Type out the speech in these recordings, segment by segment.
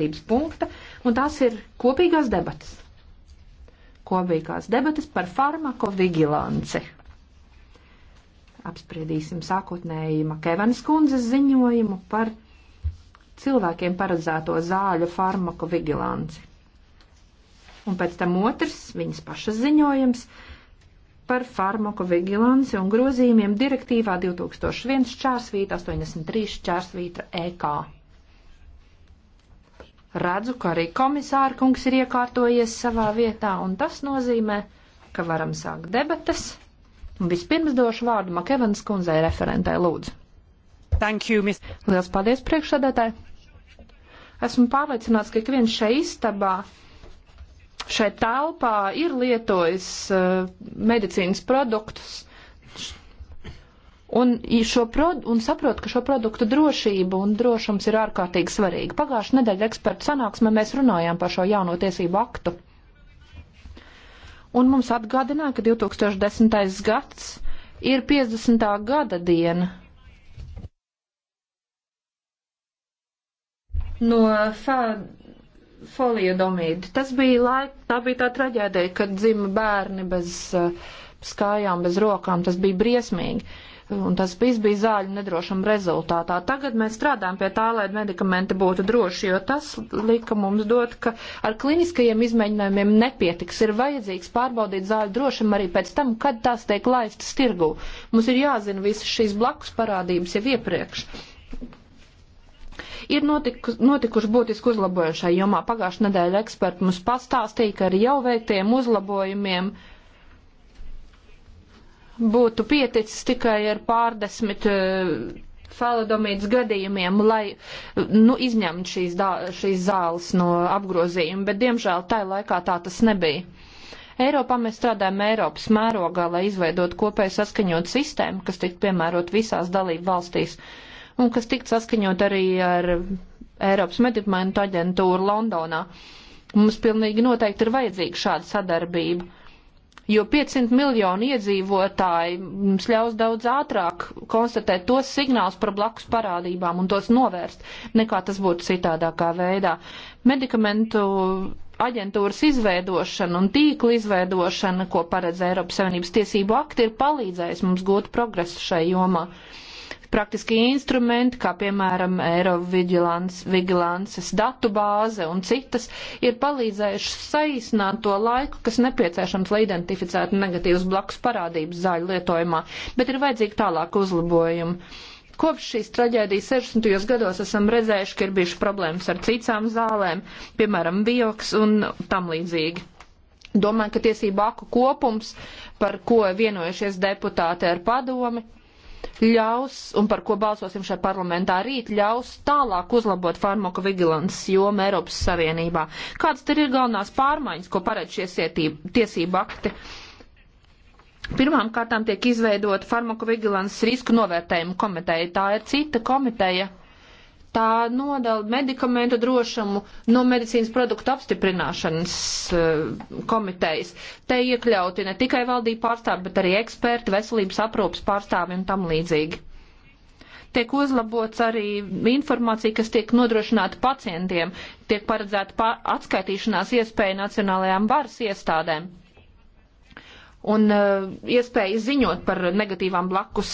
kārtības punkta, un tās ir kopīgās debatas. Kopīgās debatas par farmakovigilanci. Apspriedīsim sākotnēji Makevanas kundzes ziņojumu par cilvēkiem paredzēto zāļu farmakovigilanci. Un pēc tam otrs, viņas pašas ziņojums par farmakovigilanci un grozījumiem direktīvā 2001 čārsvīta 83 čārsvīta EK redzu, ka arī komisāra kungs ir iekārtojies savā vietā, un tas nozīmē, ka varam sākt debatas. Un vispirms došu vārdu Makevanas kundzei referentai lūdzu. Thank you, Miss. Liels paldies priekšsēdētāji. Esmu pārliecināts, ka ik viens šeit istabā, šeit telpā ir lietojis uh, medicīnas produktus un, prod, un saprot, ka šo produktu drošība un drošums ir ārkārtīgi svarīgi. Pagājušajā nedēļā ekspertu sanāksmē mēs runājām par šo jauno tiesību aktu. Un mums atgādināja, ka 2010. gads ir 50. gada diena. No fēd, foliodomīda. Tas bija laik, tā bija tā traģēdija, kad dzima bērni bez uh, skājām, bez rokām. Tas bija briesmīgi. Uh, un tas viss bija zāļu nedrošuma rezultātā. Tagad mēs strādājam pie tā, lai medikamenti būtu droši, jo tas lika mums dot, ka ar kliniskajiem izmēģinājumiem nepietiks. Ir vajadzīgs pārbaudīt zāļu drošumu arī pēc tam, kad tās tiek laistas tirgū. Mums ir jāzina visas šīs blakus parādības jau iepriekš. Ir notiku, notikuši būtiski uzlabojumi šajā jomā. Pagājušajā nedēļā eksperti mums pastāstīja, ka ar jau veiktiem uzlabojumiem uh, būtu pieticis tikai ar pārdesmit eh, falodomītas gadījumiem, lai nu, izņemtu šīs, dā, šīs zāles no apgrozījuma, bet diemžēl tai laikā tā tas nebija. Eiropā mēs strādājam Eiropas mērogā, lai izveidotu kopēju saskaņot sistēmu, kas tiktu piemērot visās dalību valstīs un kas tiktu saskaņot arī ar Eiropas medikamentu aģentūru Londonā. Mums pilnīgi noteikti ir vajadzīga šāda sadarbība jo 500 miljonu iedzīvotāji mums ļaus daudz ātrāk konstatēt tos signālus par blakus parādībām un tos novērst, nekā tas būtu citādākā veidā. Medikamentu aģentūras izveidošana un tīkla izveidošana, ko paredz Eiropas Savienības tiesību akti, ir palīdzējis mums gūt progresu šai jomā praktiski instrumenti, kā piemēram Eirovigilances datu bāze un citas, ir palīdzējuši saīsināt to laiku, kas nepieciešams, lai identificētu negatīvas blakus parādības zāļu lietojumā, bet ir vajadzīgi tālāk uzlabojumi. Kopš šīs traģēdijas 60. gados esam redzējuši, ka ir bijuši problēmas ar citām zālēm, piemēram, bioks un tam līdzīgi. Domāju, ka tiesību aku kopums, par ko vienojušies deputāti ar padomi, ļaus un par ko balsosim šajā parlamentā rīt, ļaus tālāk uzlabot farmakovigilances jomu Eiropas Savienībā. Kādas tad ir galvenās pārmaiņas, ko paredz šie tiesību akti? Pirmām kārtām tiek izveidota farmakovigilances risku novērtējuma komiteja. Tā ir cita komiteja, tā nodala medikamentu drošumu no medicīnas produktu apstiprināšanas eh, komitejas. Te iekļauti ne tikai valdība pārstāvi, bet arī eksperti, veselības aprūpas pārstāvi un tam līdzīgi. Tiek uzlabots arī informācija, kas tiek nodrošināta pacientiem, tiek paredzēta pa atskaitīšanās iespēja nacionālajām varas iestādēm un uh, iespēja ziņot par negatīvām blakus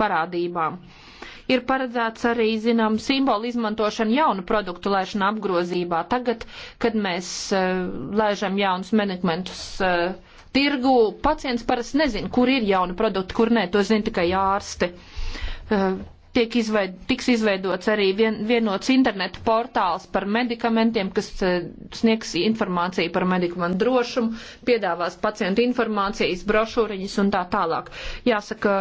parādībām. Uh, ir paredzēts arī, zinām, simbolu izmantošana jaunu produktu laišana apgrozībā. Tagad, kad mēs e, laižam jaunus medikamentus e, tirgu, pacients parasti nezin, kur ir jauni produkti, kur nē, to zina tikai ārsti e, tiek izveid, tiks izveidots arī vien, vienots internetu portāls par medikamentiem, kas e, sniegs informāciju par medikamentu drošumu, piedāvās pacientu informācijas, brošūriņas un tā tālāk. Jāsaka,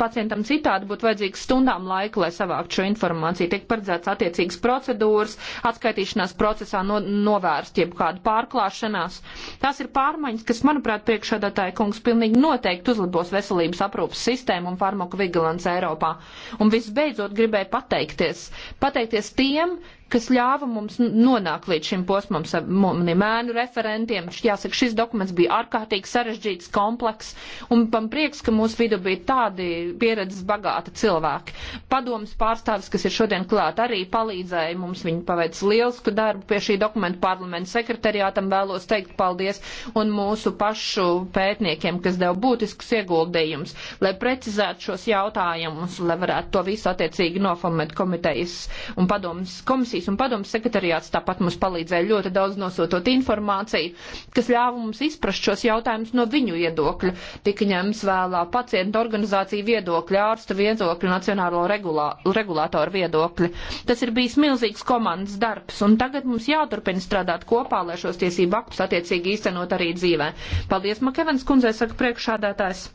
pacientam citādi būtu vajadzīgs stundām laika, lai savāktu šo informāciju. Tiek paredzēts attiecīgas procedūras, atskaitīšanās procesā no, novērst jebkādu pārklāšanās. Tās ir pārmaiņas, kas, manuprāt, priekšādātāja kungs pilnīgi noteikti uzlabos veselības aprūpas sistēmu un farmaku vigilants Eiropā. Un visbeidzot gribēju pateikties. Pateikties tiem, kas ļāva mums nonākt līdz šim posmam, maniem ēnu referentiem. Jāsaka, šis dokuments bija ārkārtīgi sarežģīts, kompleks, un man prieks, ka mūsu vidu bija tādi pieredzes bagāti cilvēki. Padomas pārstāvis, kas ir šodien klāt, arī palīdzēja mums, viņi paveic lielisku darbu pie šī dokumenta parlamenta sekretariātam, vēlos teikt paldies, un mūsu pašu pētniekiem, kas deva būtiskus ieguldījumus, lai precizētu šos jautājumus, lai varētu to visu attiecīgi noformēt komitejas un padomas komisijas komisijas un padomas sekretariāts tāpat mums palīdzēja ļoti daudz nosūtot informāciju, kas ļāva mums izprast šos jautājumus no viņu viedokļa. Tika ņems vēlā pacientu organizāciju viedokļa, ārsta viedokļa, nacionālo regulā, regulātoru viedokļa. Tas ir bijis milzīgs komandas darbs, un tagad mums jāturpina strādāt kopā, lai šos tiesību aktus attiecīgi īstenot arī dzīvē. Paldies, Makevens kundzei, saka priekšādātājs.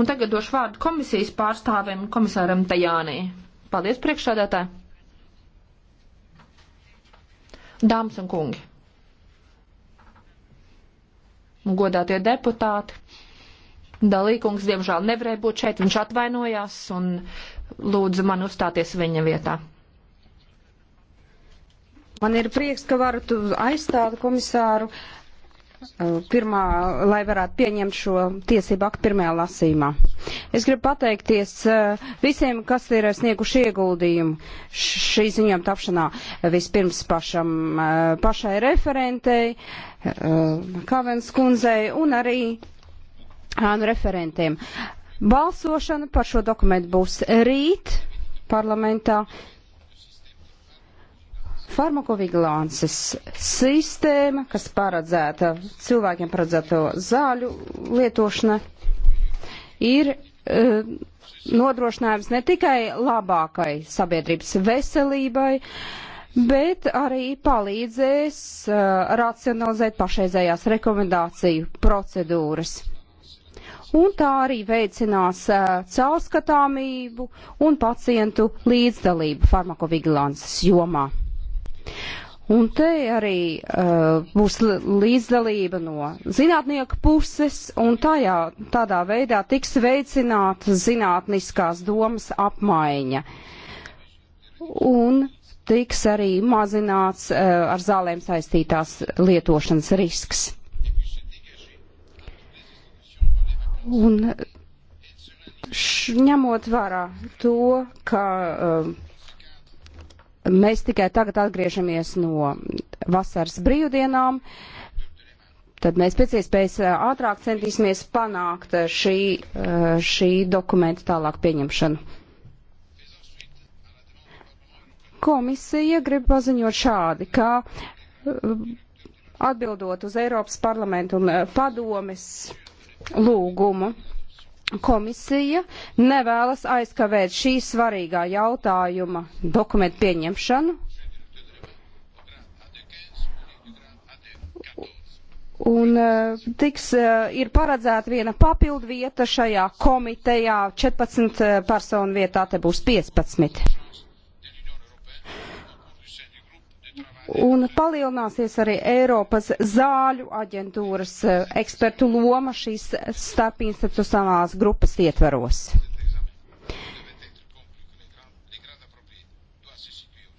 Un tagad došu vārdu komisijas pārstāvim komisāram Tajānī. Paldies, priekšsādātāji! Dāmas un kungi, godātie deputāti, Dalīkungs diemžēl nevarēja būt šeit, viņš atvainojās un lūdzu man uzstāties viņa vietā. Man ir prieks, ka varat aizstāt komisāru. Uh, pirmā, lai varētu pieņemt šo tiesību aktu pirmajā lasīmā. Es gribu pateikties eh, visiem, kas ir snieguši ieguldījumu šī ziņojuma tapšanā. Vispirms pašam, eh, pašai referentei, eh, Kavens kundzei un arī ānu referentiem. Balsošana par šo dokumentu būs rīt parlamentā farmakovigilānces sistēma, kas paredzēta cilvēkiem paredzēto zāļu lietošana, ir uh, nodrošinājums ne tikai labākai sabiedrības veselībai, bet arī palīdzēs uh, racionalizēt pašreizējās rekomendāciju procedūras. Un tā arī veicinās uh, caurskatāmību un pacientu līdzdalību farmakovigilances jomā. Un te arī uh, būs līdzdalība no zinātnieku puses, un tajā, tādā veidā tiks veicināta zinātniskās domas apmaiņa. Un tiks arī mazināts uh, ar zālēm saistītās lietošanas risks. Un š, ņemot vērā to, ka uh, Mēs tikai tagad atgriežamies no vasaras brīvdienām, tad mēs pēc iespējas eh, ātrāk centīsimies panākt eh, šī, eh, šī dokumenta tālāk pieņemšanu. Komisija grib paziņot šādi, ka atbildot uz Eiropas parlamentu un padomes lūgumu komisija nevēlas aizkavēt šī svarīgā jautājuma dokumentu pieņemšanu. Un eh, tiks, eh, ir paredzēta viena papildu vieta šajā komitejā, 14 eh, personu vietā te būs 15. Un palielināsies arī Eiropas zāļu aģentūras eh, ekspertu loma šīs starpinstitucionālās grupas ietveros.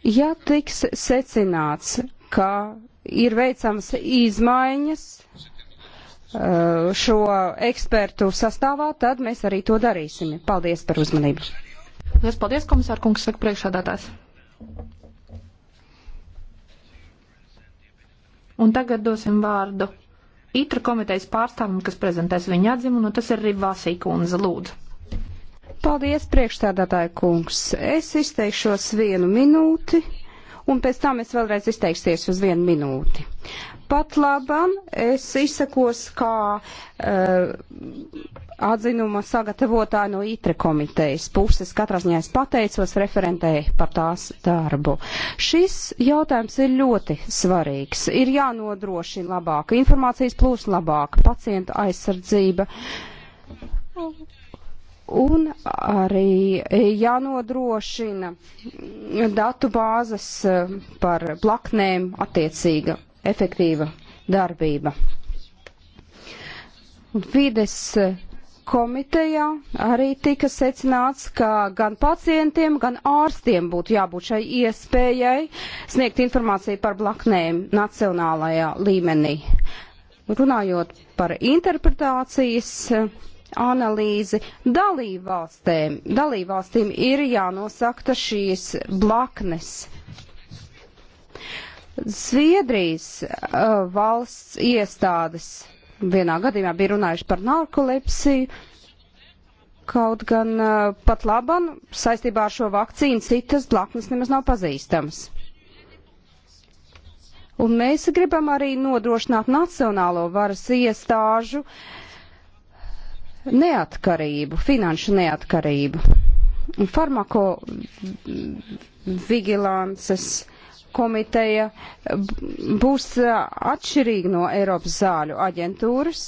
Ja tiks secināts, ka ir veicams izmaiņas eh, šo ekspertu sastāvā, tad mēs arī to darīsim. Paldies par uzmanību. Lielas paldies, komisārkungs, saka priekšādātājs. Un tagad dosim vārdu ITRA komitejas pārstāvim, kas prezentēs viņa atzimumu, un tas ir Rivasī kundze, lūdzu. Paldies, priekšstādātāja kungs. Es izteikšos vienu minūti, un pēc tam es vēlreiz izteiksies uz vienu minūti. Pat labam es izsakos kā uh, atzinuma sagatavotāja no ITRE komitejas puses. Katrā ziņā es pateicos referentēji par tās darbu. Šis jautājums ir ļoti svarīgs. Ir jānodrošina labāka informācijas plūsma, labāka pacienta aizsardzība. Un arī jānodrošina datu bāzes eh, par blaknēm attiecīga efektīva darbība. Vides komitejā arī tika secināts, ka gan pacientiem, gan ārstiem būtu jābūt šai iespējai sniegt informāciju par blaknēm nacionālajā līmenī. Runājot par interpretācijas eh, analīzi, dalībvalstīm, dalībvalstīm ir jānosakta šīs blaknes Zviedrijas uh, valsts iestādes vienā gadījumā bija runājuši par narkolepsiju, kaut gan uh, pat laban saistībā ar šo vakcīnu citas blaknes nemaz nav pazīstamas. Un mēs gribam arī nodrošināt nacionālo varas iestāžu neatkarību, finanšu neatkarību. Un farmako vigilances komiteja būs eh, atšķirīga no Eiropas zāļu aģentūras.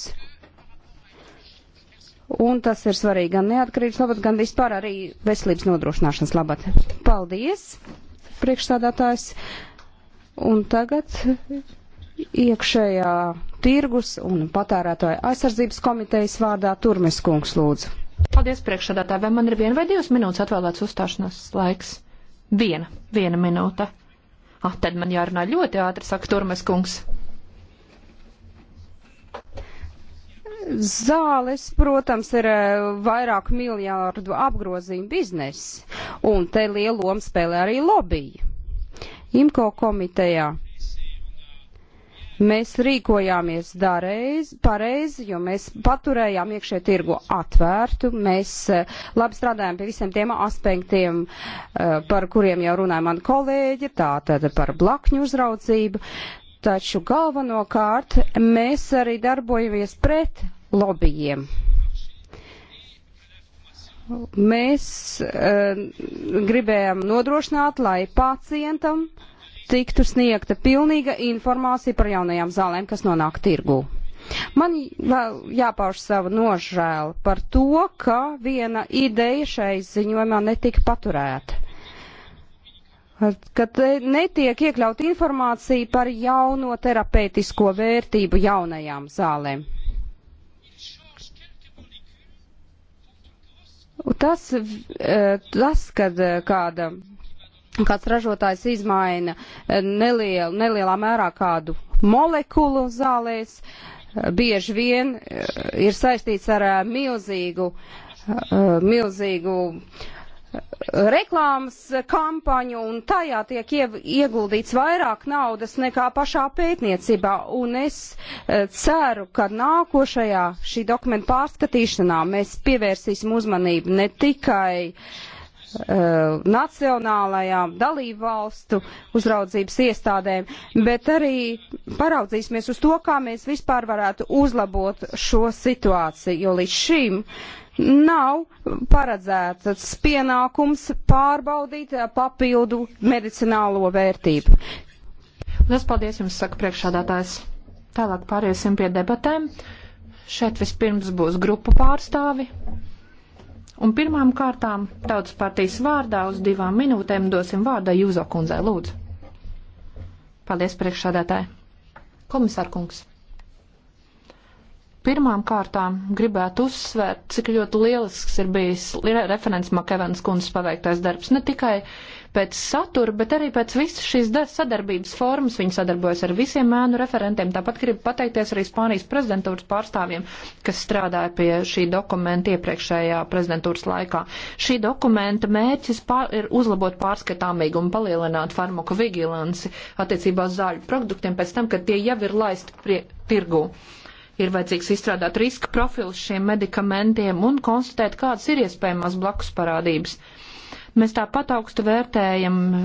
Un tas ir svarīgi gan neatkarības labad, gan vispār arī veselības nodrošināšanas labad. Paldies, priekšstādātājs. Un tagad iekšējā tirgus un patērētāja aizsardzības komitejas vārdā Turmes kungs lūdzu. Paldies, priekšsādātāji. Vai man ir viena vai divas minūtes atvēlēts uzstāšanās laiks? Viena, viena minūte. Ah, tad man jārunā ļoti ātri, saka Turmes kungs. Zāles, protams, ir e, vairāk miljārdu apgrozījuma bizness, un te lielu lomu spēlē arī lobby. IMCO komitejā Mēs rīkojāmies dareiz, pareizi, jo mēs paturējām iekšē tirgu atvērtu, mēs eh, labi strādājām pie visiem tiem aspektiem, eh, par kuriem jau runāja mani kolēģi, tātad par blakņu uzraudzību, taču galvenokārt mēs arī darbojamies pret lobbyiem mēs uh, eh, gribējām nodrošināt, lai pacientam tiktu sniegta pilnīga informācija par jaunajām zālēm, kas nonāk tirgū. Man vēl jāpauž sava nožēla par to, ka viena ideja šai ziņojumā netika paturēta. Kad netiek iekļaut informācija par jauno terapeitisko vērtību jaunajām zālēm. Tas, eh, tas kad eh, kāda kāds ražotājs izmaina eh, nelielu, nelielā mērā kādu molekulu zālēs, eh, bieži vien eh, ir saistīts ar milzīgu, milzīgu reklāmas kampaņu un tajā tiek ieguldīts vairāk naudas nekā pašā pētniecībā. Un es ceru, ka nākošajā šī dokumenta pārskatīšanā mēs pievērsīsim uzmanību ne tikai uh, Uh, nacionālajām dalību valstu uzraudzības iestādēm, bet arī paraudzīsimies uz to, kā mēs vispār varētu uzlabot šo situāciju, jo līdz šim nav paredzēts pienākums pārbaudīt papildu medicinālo vērtību. Lielas paldies jums, saka priekšādātājs. Tālāk pāriesim pie debatēm. Šeit vispirms būs grupu pārstāvi. Un pirmām kārtām tautas partijas vārdā uz divām minūtēm dosim vārdu Jūzo kundzei lūdzu. Paldies priekšsādātāji. Komisārkungs. Pirmām kārtām gribētu uzsvērt, cik ļoti lielisks ir bijis referents Makevens kundzes paveiktais darbs. Ne tikai pēc satura, bet arī pēc visas šīs sadarbības formas. Viņi sadarbojas ar visiem mēnu referentiem. Tāpat gribu pateikties arī Spānijas prezidentūras pārstāvjiem, kas strādāja pie šī dokumenta iepriekšējā prezidentūras laikā. Šī dokumenta mērķis pār, ir uzlabot pārskatāmīgu un palielināt farmaku vigilanci attiecībā uz zāļu produktiem pēc tam, kad tie jau ir laisti prie, tirgu ir vajadzīgs izstrādāt riska profilus šiem medikamentiem un konstatēt, kādas ir iespējamās blakus parādības. Mēs tāpat augstu vērtējam eh,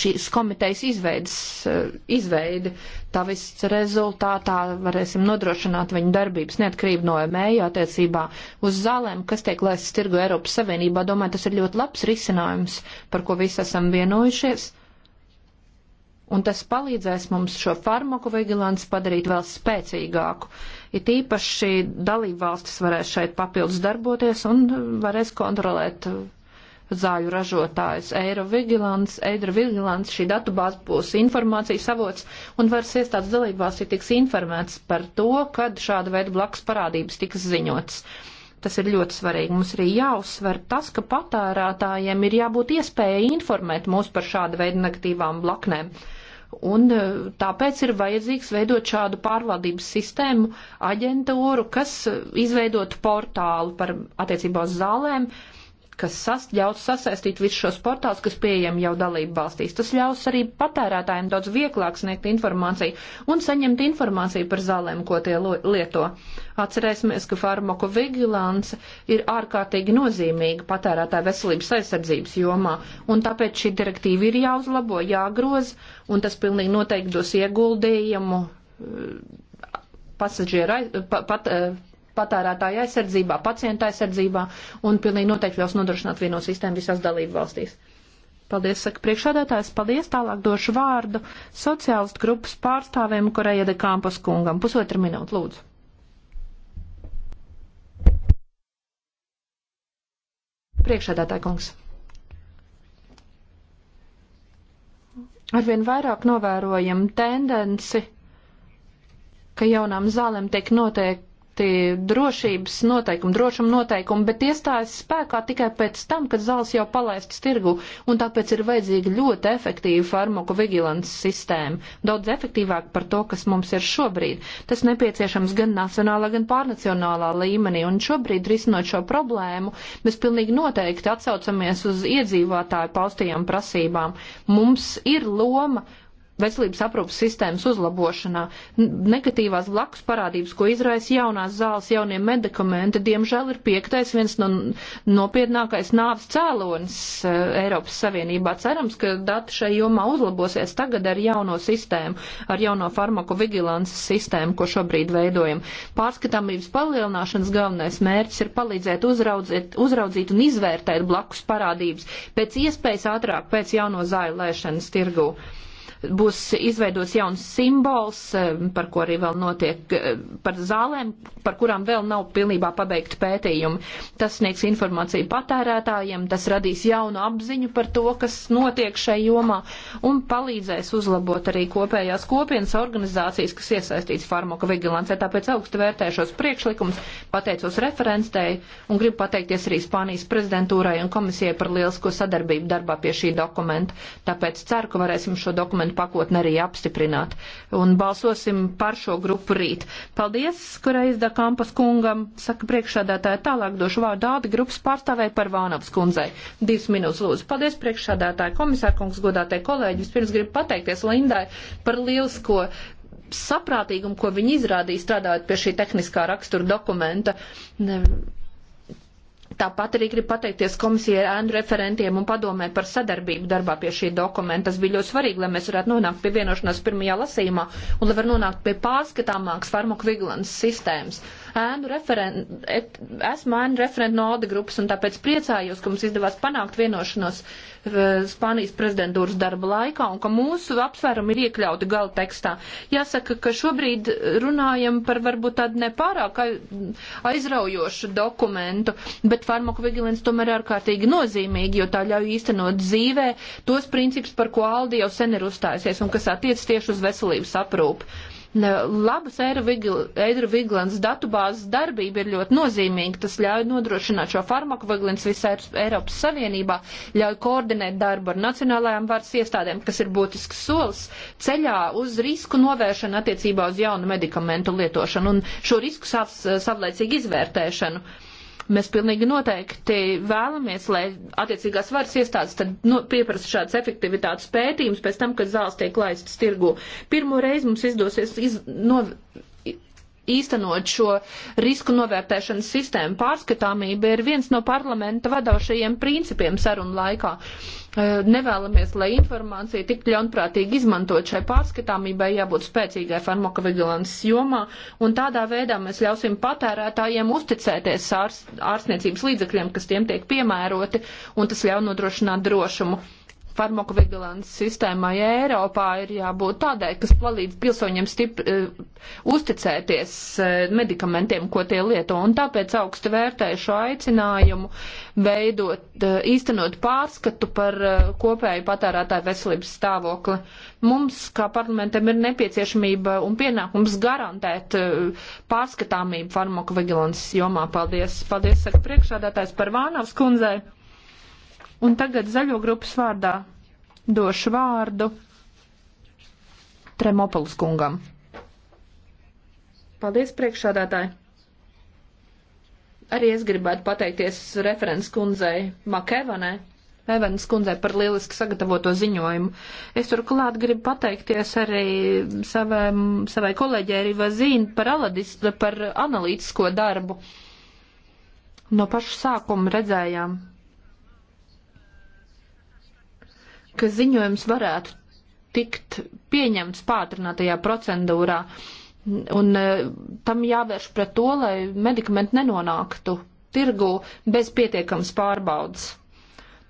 šīs komitejas izveidas, eh, izveidi. Tā viss rezultātā varēsim nodrošināt viņu darbības neatkarību no mēja e attiecībā uz zālēm, kas tiek lēstas tirgu Eiropas Savienībā. Domāju, tas ir ļoti labs risinājums, par ko visi esam vienojušies. Un tas palīdzēs mums šo farmakovigilanci padarīt vēl spēcīgāku. It īpaši dalību valstis varēs šeit papildus darboties un varēs kontrolēt zāļu ražotājus. Eirovigilants, Eirovigilants, šī datubāze būs informācijas avots un varas iestādes dalībvalstī tiks informēts par to, kad šāda veida blakus parādības tiks ziņots. Tas ir ļoti svarīgi. Mums arī jāuzsver tas, ka patērētājiem ir jābūt iespējai informēt mūs par šāda veida negatīvām blaknēm. Un e, tāpēc ir vajadzīgs veidot šādu pārvaldības sistēmu, aģentūru, kas e, izveidotu portālu par attiecībā uz zālēm, kas sas, ļaus sasaistīt visus šos portālus, kas pieejami jau dalību valstīs. Tas ļaus arī patērētājiem daudz vieglāk sniegt informāciju un saņemt informāciju par zālēm, ko tie lieto. Atcerēsimies, ka farmakovigilance ir ārkārtīgi nozīmīga patērētāja veselības aizsardzības jomā, un tāpēc šī direktīva ir jāuzlabo, jāgroz, un tas pilnīgi noteikti dos ieguldījumu uh, pasažieru, pat, pat, uh, patērētāja aizsardzībā, pacienta aizsardzībā un pilnīgi noteikti vēlas nodrošināt vieno sistēmu visās dalību valstīs. Paldies, saka priekšādātājs. Paldies, tālāk došu vārdu sociālistu grupas pārstāvēm Koreja de Kampas kungam. Pusotra minūte, lūdzu. Priekšādātāja kungs. Arvien vairāk novērojam tendenci, ka jaunām zālēm tiek noteikti noteikti drošības noteikumi, drošuma noteikumi, bet iestājas spēkā tikai pēc tam, kad zāles jau palaistas tirgu, un tāpēc ir vajadzīga ļoti efektīva farmakovigilants sistēma, daudz efektīvāk par to, kas mums ir šobrīd. Tas nepieciešams gan nacionālā, gan pārnacionālā līmenī, un šobrīd risinot šo problēmu, mēs pilnīgi noteikti atsaucamies uz iedzīvotāju paustajām prasībām. Mums ir loma veselības aprūpas sistēmas uzlabošanā. Negatīvās blakus parādības, ko izraisa jaunās zāles, jaunie medikamenti, diemžēl ir piektais viens no nopietnākais nāves cēlonis e, Eiropas Savienībā. Cerams, ka dati šai jomā uzlabosies tagad ar jauno sistēmu, ar jauno farmakovigilances sistēmu, ko šobrīd veidojam. Pārskatāmības palielināšanas galvenais mērķis ir palīdzēt uzraudzīt, uzraudzīt un izvērtēt blakus parādības pēc iespējas ātrāk pēc jauno zāļu lēšanas tirgū būs izveidots jauns simbols, eh, par ko arī vēl notiek, eh, par zālēm, par kurām vēl nav pilnībā pabeigti pētījumi. Tas sniegs informāciju patērētājiem, tas radīs jaunu apziņu par to, kas notiek šai jomā un palīdzēs uzlabot arī kopējās kopienas organizācijas, kas iesaistīts farmakovigilancē. Tāpēc augstu vērtēšos priekšlikums, pateicos referentstēji un gribu pateikties arī Spānijas prezidentūrai un komisijai par lielisko sadarbību darbā pie šī dokumenta. Tāpēc ceru, ka varēsim šo dokumentu dokumentu pakotni arī apstiprināt. Un balsosim par šo grupu rīt. Paldies, kureiz da Kampas kungam, saka priekšādātāja, tālāk došu vārdu ādi grupas pārstāvēja par Vānavas kundzei. Divas minūtes lūdzu. Paldies, priekšādātāja, komisārkungs, godātie kolēģi. Vispirms gribu pateikties Lindai par lielisko saprātīgumu, ko viņi izrādīja strādājot pie šī tehniskā rakstura dokumenta. Ne, Tāpat arī gribu pateikties komisijai, ēnu referentiem un padomē par sadarbību darbā pie šī dokumenta. Tas bija ļoti svarīgi, lai mēs varētu nonākt pie vienošanās pirmajā lasījumā un lai var nonākt pie pārskatāmākas farmakovigilants sistēmas ēnu referent, et, esmu ēnu referent no Alde grupas un tāpēc priecājos, ka mums izdevās panākt vienošanos Spānijas prezidentūras darba laikā un ka mūsu apsvērumi ir iekļauti gala tekstā. Jāsaka, ka šobrīd runājam par varbūt tādu nepārāk aizraujošu dokumentu, bet farmakovigilants tomēr ir ārkārtīgi nozīmīgi, jo tā ļauj īstenot dzīvē tos principus, par ko Aldi jau sen ir uzstājusies un kas attiec tieši uz veselības aprūpu labas eirovigilants datubāzes darbība ir ļoti nozīmīga. Tas ļauj nodrošināt šo farmakovigilants visā Eiropas Savienībā, ļauj koordinēt darbu ar nacionālajām varas iestādēm, kas ir būtisks solis ceļā uz risku novēršanu attiecībā uz jaunu medikamentu lietošanu un šo risku savs, savlaicīgi izvērtēšanu. Uh, Mēs pilnīgi noteikti vēlamies, lai attiecīgās varas iestādes tad nu, pieprasa šādas efektivitātes pētījumus pēc tam, kad zāles tiek laistas tirgu. Pirmo reizi mums izdosies iz, no, īstenot šo risku novērtēšanas sistēmu. Pārskatāmība ir viens no parlamenta vadošajiem principiem sarunu laikā. Eh, nevēlamies, lai informācija tik ļaunprātīgi izmantot šai pārskatāmībai, jābūt spēcīgai farmakovigilances jomā, un tādā veidā mēs ļausim patērētājiem uzticēties ārs, ārstniecības līdzekļiem, kas tiem tiek piemēroti, un tas ļauj nodrošināt drošumu farmakovigilants sistēmai Eiropā ir jābūt tādai, kas palīdz pilsoņiem stipri uh, uzticēties uh, medikamentiem, ko tie lieto, un tāpēc augstu vērtēju šo aicinājumu veidot, uh, īstenot pārskatu par kopēju patērētāju veselības stāvokli. Mums, kā parlamentam, ir nepieciešamība un pienākums garantēt pārskatāmību farmakovigilants jomā. Paldies, paldies, saka priekšādātājs par Vānavs kundzei. Un tagad zaļo grupas vārdā došu vārdu Tremopolis kungam. Paldies, priekšādātāji! Arī es gribētu pateikties referents kundzei Makevanē, Evans kundzei par lieliski sagatavoto ziņojumu. Es turklāt gribu pateikties arī savam, savai kolēģei Rivazīnu par, aladis, par analītisko darbu. No paša sākuma redzējām, ka ziņojums varētu tikt pieņemts pātrinātajā procedūrā. Un e, tam jāvērš pret to, lai medikamenti nenonāktu tirgu bez pietiekams pārbaudas.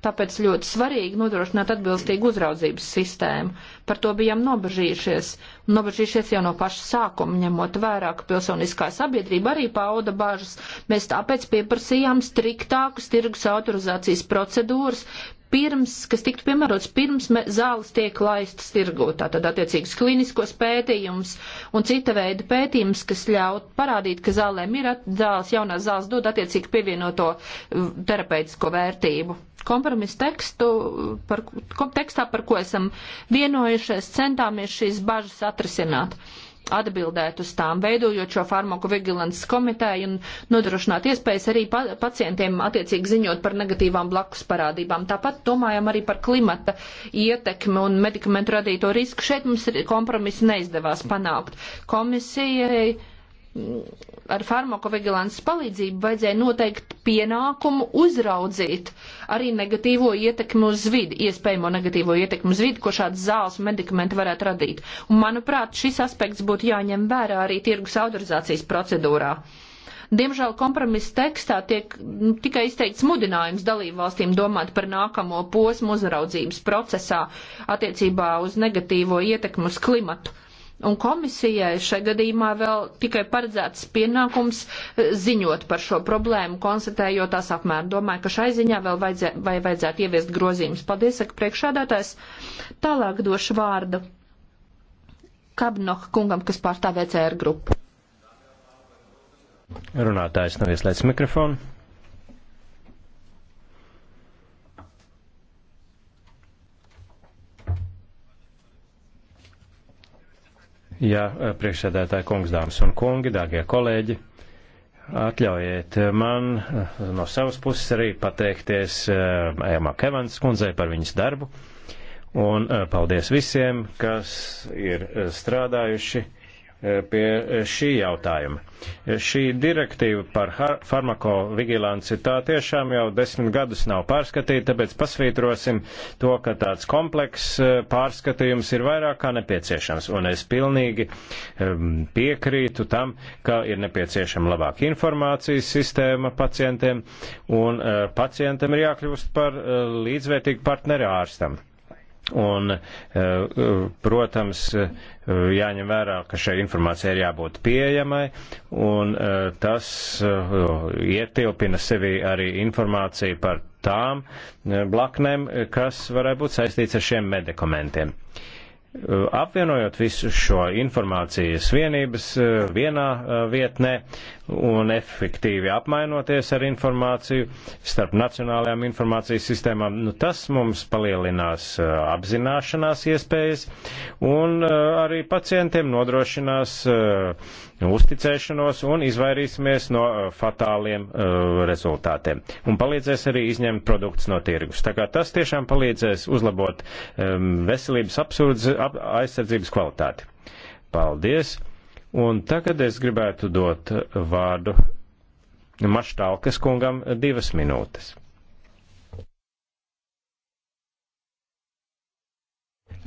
Tāpēc ļoti svarīgi nodrošināt atbilstīgu uzraudzības sistēmu. Par to bijām nobežījušies. Nobežījušies jau no paša sākuma, ņemot vērā, ka pilsoniskā sabiedrība arī pauda bažas. Mēs tāpēc pieprasījām striktākas tirgus autorizācijas procedūras pirms, kas tiktu piemērots pirms zāles tiek laistas tirgū. Tātad attiecīgas kliniskos pētījums un cita veida pētījums, kas ļaut parādīt, ka zālēm ir zāles, jaunās zāles dod attiecīgi pievienoto terapeitisko vērtību. Kompromiss tekstu, par, tekstā, par ko esam vienojušies, centāmies šīs bažas atrisināt. Uh, atbildēt uz tām, veidojot šo farmaku vigilants komiteju un nodrošināt iespējas arī pa pacientiem attiecīgi ziņot par negatīvām blakus parādībām. Tāpat domājam arī par klimata ietekmi un medikamentu radīto risku. Šeit mums kompromisi neizdevās panākt. Komisijai ar farmakovigilances palīdzību vajadzēja noteikt pienākumu uzraudzīt arī negatīvo ietekmi uz vidi, iespējamo negatīvo ietekmi uz vidi, ko šāds zāles medikamenti varētu radīt. Un, manuprāt, šis aspekts būtu jāņem vērā arī tirgus autorizācijas procedūrā. Diemžēl kompromisa tekstā tiek nu, tikai izteikts mudinājums dalībvalstīm domāt par nākamo posmu uzraudzības procesā attiecībā uz negatīvo ietekmu uz klimatu Un komisijai šai gadījumā vēl tikai paredzēts pienākums eh, ziņot par šo problēmu, konstatējot tās apmēru. Domāju, ka šai ziņā vēl vajadzē, vai vajadzētu ieviest grozījumus. Paldies, saka priekšādātājs. Tālāk došu vārdu Kabnoha kungam, kas pārstāv ECR grupu. Runātājs nav ieslēdzis mikrofonu. Jā, eh, priekšsēdētāji kungs, dāmas un kungi, dārgie kolēģi, atļaujiet man eh, no savas puses arī pateikties Ejamā eh, Kevans kundzei par viņas darbu. Un paldies visiem, kas ir strādājuši pie šī jautājuma. Šī direktīva par farmakovigilanci tā tiešām jau desmit gadus nav pārskatīta, tāpēc pasvītrosim to, ka tāds kompleks e, pārskatījums ir vairāk kā nepieciešams. Un es pilnīgi e, piekrītu tam, ka ir nepieciešama labāka informācijas sistēma pacientiem, un e, pacientam ir jākļūst par līdzvērtīgu partneri ārstam. Un, eh, protams, eh, jāņem vērā, ka šai informācijai ir jābūt pieejamai, un eh, tas ietilpina sevi arī informāciju par tām blaknēm, kas varētu būt saistīts ar šiem medikamentiem. Apvienojot visu šo informācijas vienības vienā vietnē, un efektīvi apmainoties ar informāciju starp nacionālajām informācijas sistēmām. Nu, tas mums palielinās apzināšanās iespējas un arī pacientiem nodrošinās uzticēšanos un izvairīsimies no fatāliem rezultātiem. Un palīdzēs arī izņemt produktus no tirgus. Tā kā tas tiešām palīdzēs uzlabot veselības apsūdz, aizsardzības kvalitāti. Paldies! Un tagad es gribētu dot vārdu Maštalkas kungam divas minūtes.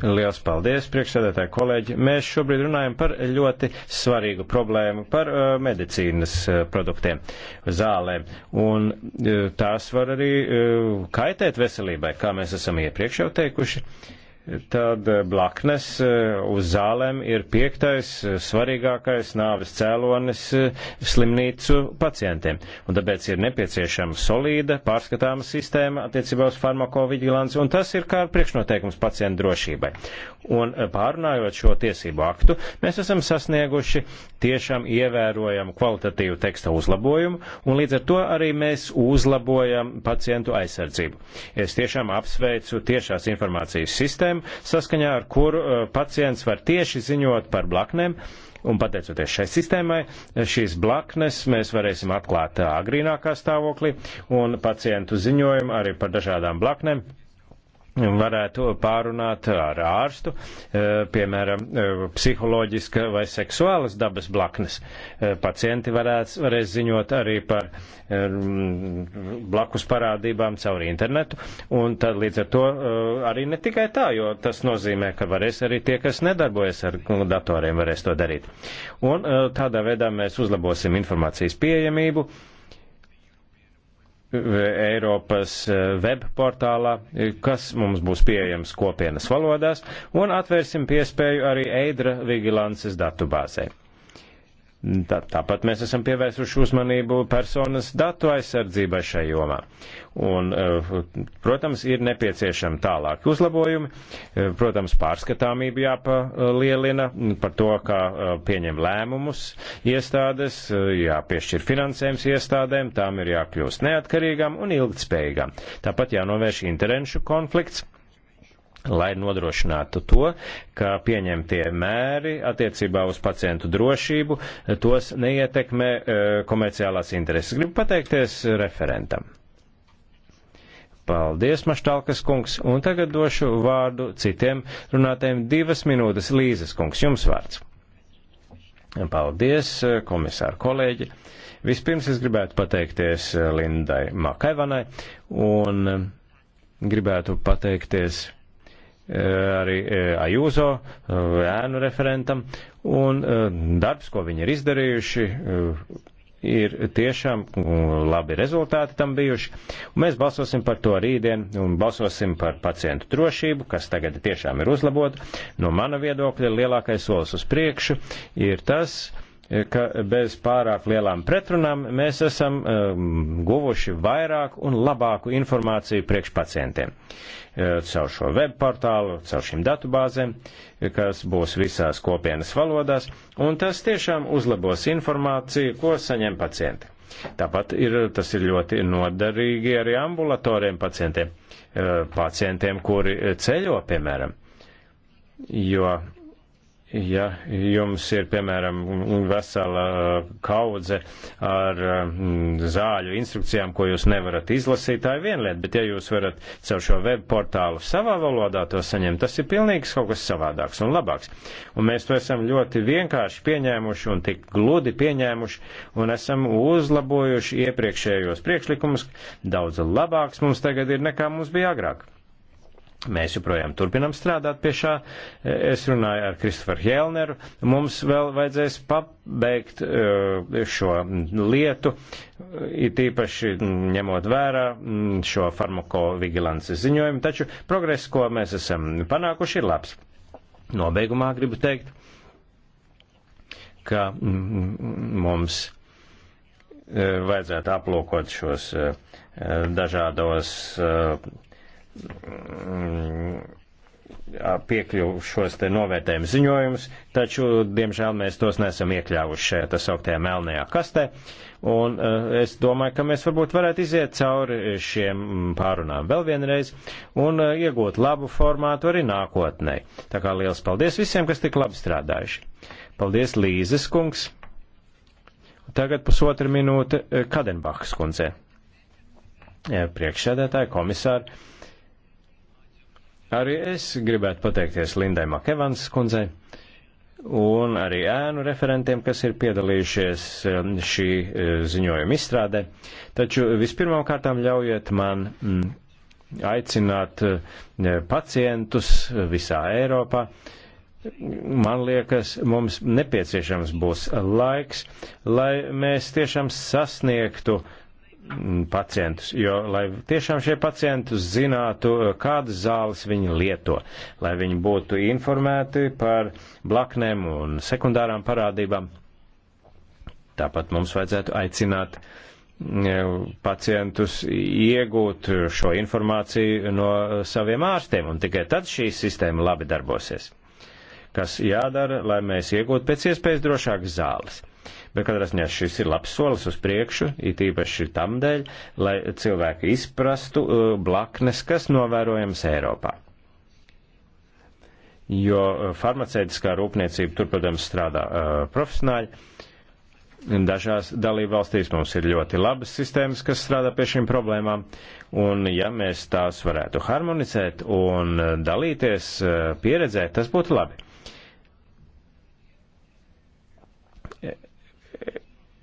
Liels paldies, priekšsēdētāji kolēģi. Mēs šobrīd runājam par ļoti svarīgu problēmu, par uh, medicīnas uh, produktiem, zālēm. Un uh, tās var arī uh, kaitēt veselībai, kā mēs esam iepriekš jau teikuši. Uh, tad eh, blaknes eh, uz zālēm ir piektais eh, svarīgākais nāves cēlonis slimnīcu pacientiem. Un tāpēc ir nepieciešama solīda, pārskatāma sistēma attiecībā uz farmakoviģilanci, un tas ir kā priekšnoteikums pacientu drošībai. Un pārunājot šo tiesību aktu, mēs esam sasnieguši tiešām ievērojamu kvalitatīvu teksta uzlabojumu, un līdz ar to arī mēs uzlabojam pacientu aizsardzību. Es tiešām apsveicu tiešās informācijas sistēmu, sistēmu, saskaņā ar kuru eh, pacients var tieši ziņot par blaknēm. Un pateicoties šai sistēmai, šīs blaknes mēs varēsim atklāt eh, agrīnākā stāvoklī un pacientu ziņojumu arī par dažādām blaknēm varētu pārunāt ar ārstu, eh, piemēram, eh, psiholoģiska vai seksuālas dabas blaknes. Eh, pacienti varēs, varēs ziņot arī par blakus parādībām caur internetu, un tad līdz ar to arī ne tikai tā, jo tas nozīmē, ka varēs arī tie, kas nedarbojas ar datoriem, varēs to darīt. Un tādā veidā mēs uzlabosim informācijas pieejamību Eiropas eh, webportālā, eh, kas mums būs pieejams kopienas valodās, un atvērsim piespēju arī Eidra vigilances datubāzē. Tā, tāpat mēs esam pievērsuši uzmanību personas datu aizsardzībai šai jomā. Un, eh, protams, ir nepieciešami tālāki uzlabojumi, eh, protams, pārskatāmību jāpalielina par to, kā eh, pieņem lēmumus iestādes, jāpiešķir finansējums iestādēm, tām ir jākļūst neatkarīgām un ilgtspējīgām. Tāpat jānovērš interešu konflikts lai nodrošinātu to, ka pieņemtie mēri attiecībā uz pacientu drošību tos neietekmē e, komerciālās intereses. Gribu pateikties referentam. Paldies, Maštalkas kungs, un tagad došu vārdu citiem runātēm divas minūtes. Līzes kungs, jums vārds. Paldies, e, komisāra kolēģi. Vispirms es gribētu pateikties e, Lindai Makaivanai un gribētu pateikties Eh, arī eh, Ajūzo eh, ēnu referentam, un darbs, ko viņi ir izdarījuši, ir tiešām mm, labi rezultāti tam bijuši. Un mēs balsosim par to rītdien un balsosim par pacientu drošību, kas tagad tiešām ir uzlabota. No mana viedokļa lielākais solis uz priekšu ir tas, ka bez pārāk lielām pretrunām mēs esam um, guvuši vairāk un labāku informāciju priekš pacientiem. Uh, caur šo webportālu, caur šīm datubāzēm, kas būs visās kopienas valodās, un tas tiešām uzlabos informāciju, ko saņem pacienti. Tāpat ir, tas ir ļoti noderīgi arī ambulatoriem pacientiem, eh, pacientiem, kuri ceļo, piemēram, jo ja jums ir, piemēram, vesela uh, kaudze ar um, zāļu instrukcijām, ko jūs nevarat izlasīt, tā ir viena lieta, bet ja jūs varat caur šo web portālu savā valodā to saņemt, tas ir pilnīgs kaut kas savādāks un labāks. Un mēs to esam ļoti vienkārši pieņēmuši un tik gludi pieņēmuši un esam uzlabojuši iepriekšējos priekšlikumus. Daudz labāks mums tagad ir nekā mums bija agrāk. Mēs joprojām turpinam strādāt pie šā. Es runāju ar Kristoferu Helneru. Mums vēl vajadzēs pabeigt eh, šo lietu, it īpaši ņemot vērā mm, šo farmakovigilances ziņojumu, taču progress, ko mēs esam panākuši, ir labs. Nobeigumā gribu teikt, ka mm, mums eh, vajadzētu aplūkot šos eh, dažādos piekļuvu šos te novērtējumu ziņojumus, taču, diemžēl, mēs tos nesam iekļāvuši šajā tā sauktajā melnajā kastē. Un es domāju, ka mēs varbūt varētu iziet cauri šiem mm, pārunām vēl vienreiz un iegūt labu formātu arī nākotnē. Tā kā liels paldies visiem, kas tik labi strādājuši. Paldies, Līzes kungs. Tagad pusotra minūte Kadenbachas kundzei priekšsēdētāji, komisāri, Arī es gribētu pateikties Lindai Makevans kundzei un arī ēnu referentiem, kas ir piedalījušies um, šī uh, ziņojuma izstrādē. Taču vispirmām kārtām ļaujiet man mm, aicināt uh, pacientus visā Eiropā. Man liekas, mums nepieciešams būs laiks, lai mēs tiešām sasniegtu uh, Mm, pacientus, jo lai tiešām šie pacientus zinātu, kādas zāles viņi lieto, lai viņi būtu informēti par blaknēm un sekundārām parādībām. Tāpat mums vajadzētu aicināt mm, pacientus iegūt šo informāciju no saviem ārstiem, un tikai tad šī sistēma labi darbosies. Kas jādara, lai mēs iegūtu pēc iespējas drošākas zāles. Bet katrā ziņā šis ir labs solis uz priekšu, it īpaši tam dēļ, lai cilvēki izprastu uh, blaknes, kas novērojams Eiropā jo uh, farmaceitiskā rūpniecība tur, protams, strādā uh, profesionāļi. Dažās dalību valstīs mums ir ļoti labas sistēmas, kas strādā pie šīm problēmām, un ja mēs tās varētu harmonizēt un uh, dalīties uh, pieredzē, tas būtu labi.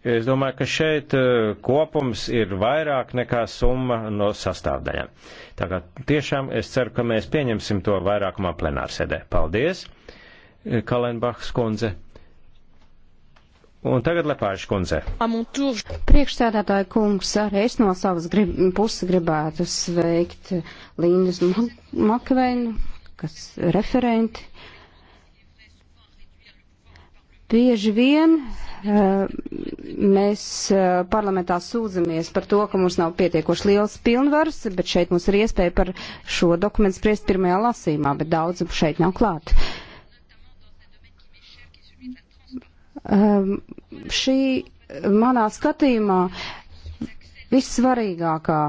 Es domāju, ka šeit eh, kopums ir vairāk nekā summa no sastāvdaļām. Tā kā tiešām es ceru, ka mēs pieņemsim to vairākumā plenārsēdē. Paldies, eh, Kalenbachs kundze. Un tagad Lepāža kundze. Priekšstādātāja kungs, arī es no savas grib, puses gribētu sveikt Lindas Makveinu, kas referenti Bieži vien eh, mēs eh, parlamentā sūdzamies par to, ka mums nav pietiekoši liels pilnvars, bet šeit mums ir iespēja par šo dokumentu spriest pirmajā lasīmā, bet daudz šeit nav klāt. Ehm, šī manā skatījumā vissvarīgākā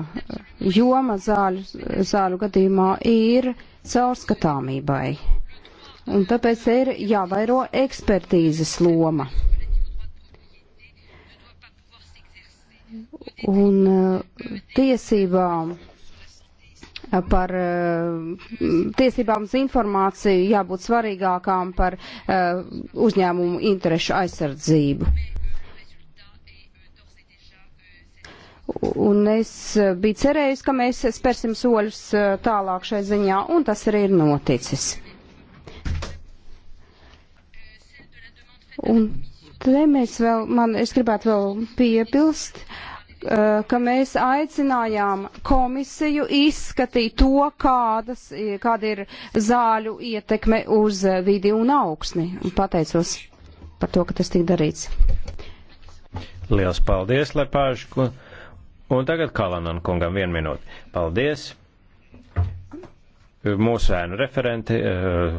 joma zāļu, zāļu gadījumā ir caurskatāmībai un tāpēc ir jāvairo ekspertīzes loma. Un eh, tiesībām eh, par eh, tiesībām uz informāciju jābūt svarīgākām par uzņēmumu interešu aizsardzību. Un es biju cerējusi, ka mēs spērsim soļus tālāk šai ziņā, un tas arī ir noticis. Un te mēs vēl, man, es gribētu vēl piebilst, eh, ka mēs aicinājām komisiju izskatīt to, kādas, kāda ir zāļu ietekme uz vidi un augsni. Un pateicos par to, ka tas tika darīts. Liels paldies, Lepāžku. Un tagad Kalanan kungam vienu minūti. Paldies! mūsu ēnu referenti eh,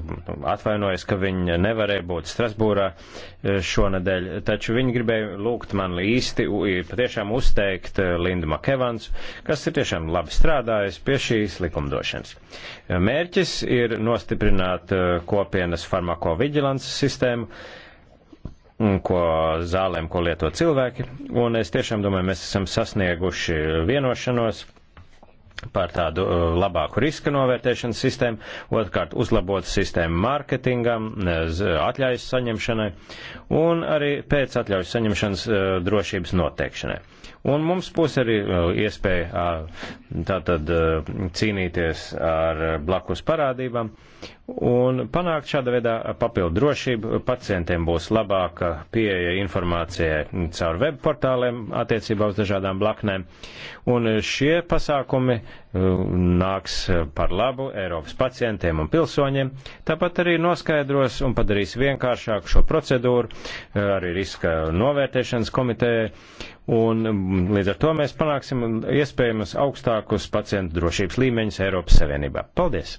atvainojas, ka viņi nevarēja būt Strasbūrā eh, šonadēļ, taču viņi gribēja lūgt man īsti, patiešām uzteikt eh, Lindu Makevans, kas ir tiešām labi strādājis pie šīs likumdošanas. Mērķis ir nostiprināt kopienas farmakoviģilances sistēmu, mm, ko zālēm, ko lieto cilvēki, un es tiešām domāju, mēs esam sasnieguši vienošanos par tādu uh, labāku riska novērtēšanas sistēmu, otrkārt uzlabot sistēmu mārketingam, uh, atļaujas saņemšanai un arī pēc atļaujas saņemšanas uh, drošības noteikšanai. Un mums būs arī iespēja tātad cīnīties ar blakus parādībām un panākt šāda veidā papildu drošību. Pacientiem būs labāka pieeja informācijai caur webportāliem attiecībā uz dažādām blaknēm. Un šie pasākumi nāks par labu Eiropas pacientiem un pilsoņiem, tāpat arī noskaidros un padarīs vienkāršāku šo procedūru arī riska novērtēšanas komitejai, un līdz ar to mēs panāksim iespējamas augstākus pacientu drošības līmeņus Eiropas Savienībā. Paldies!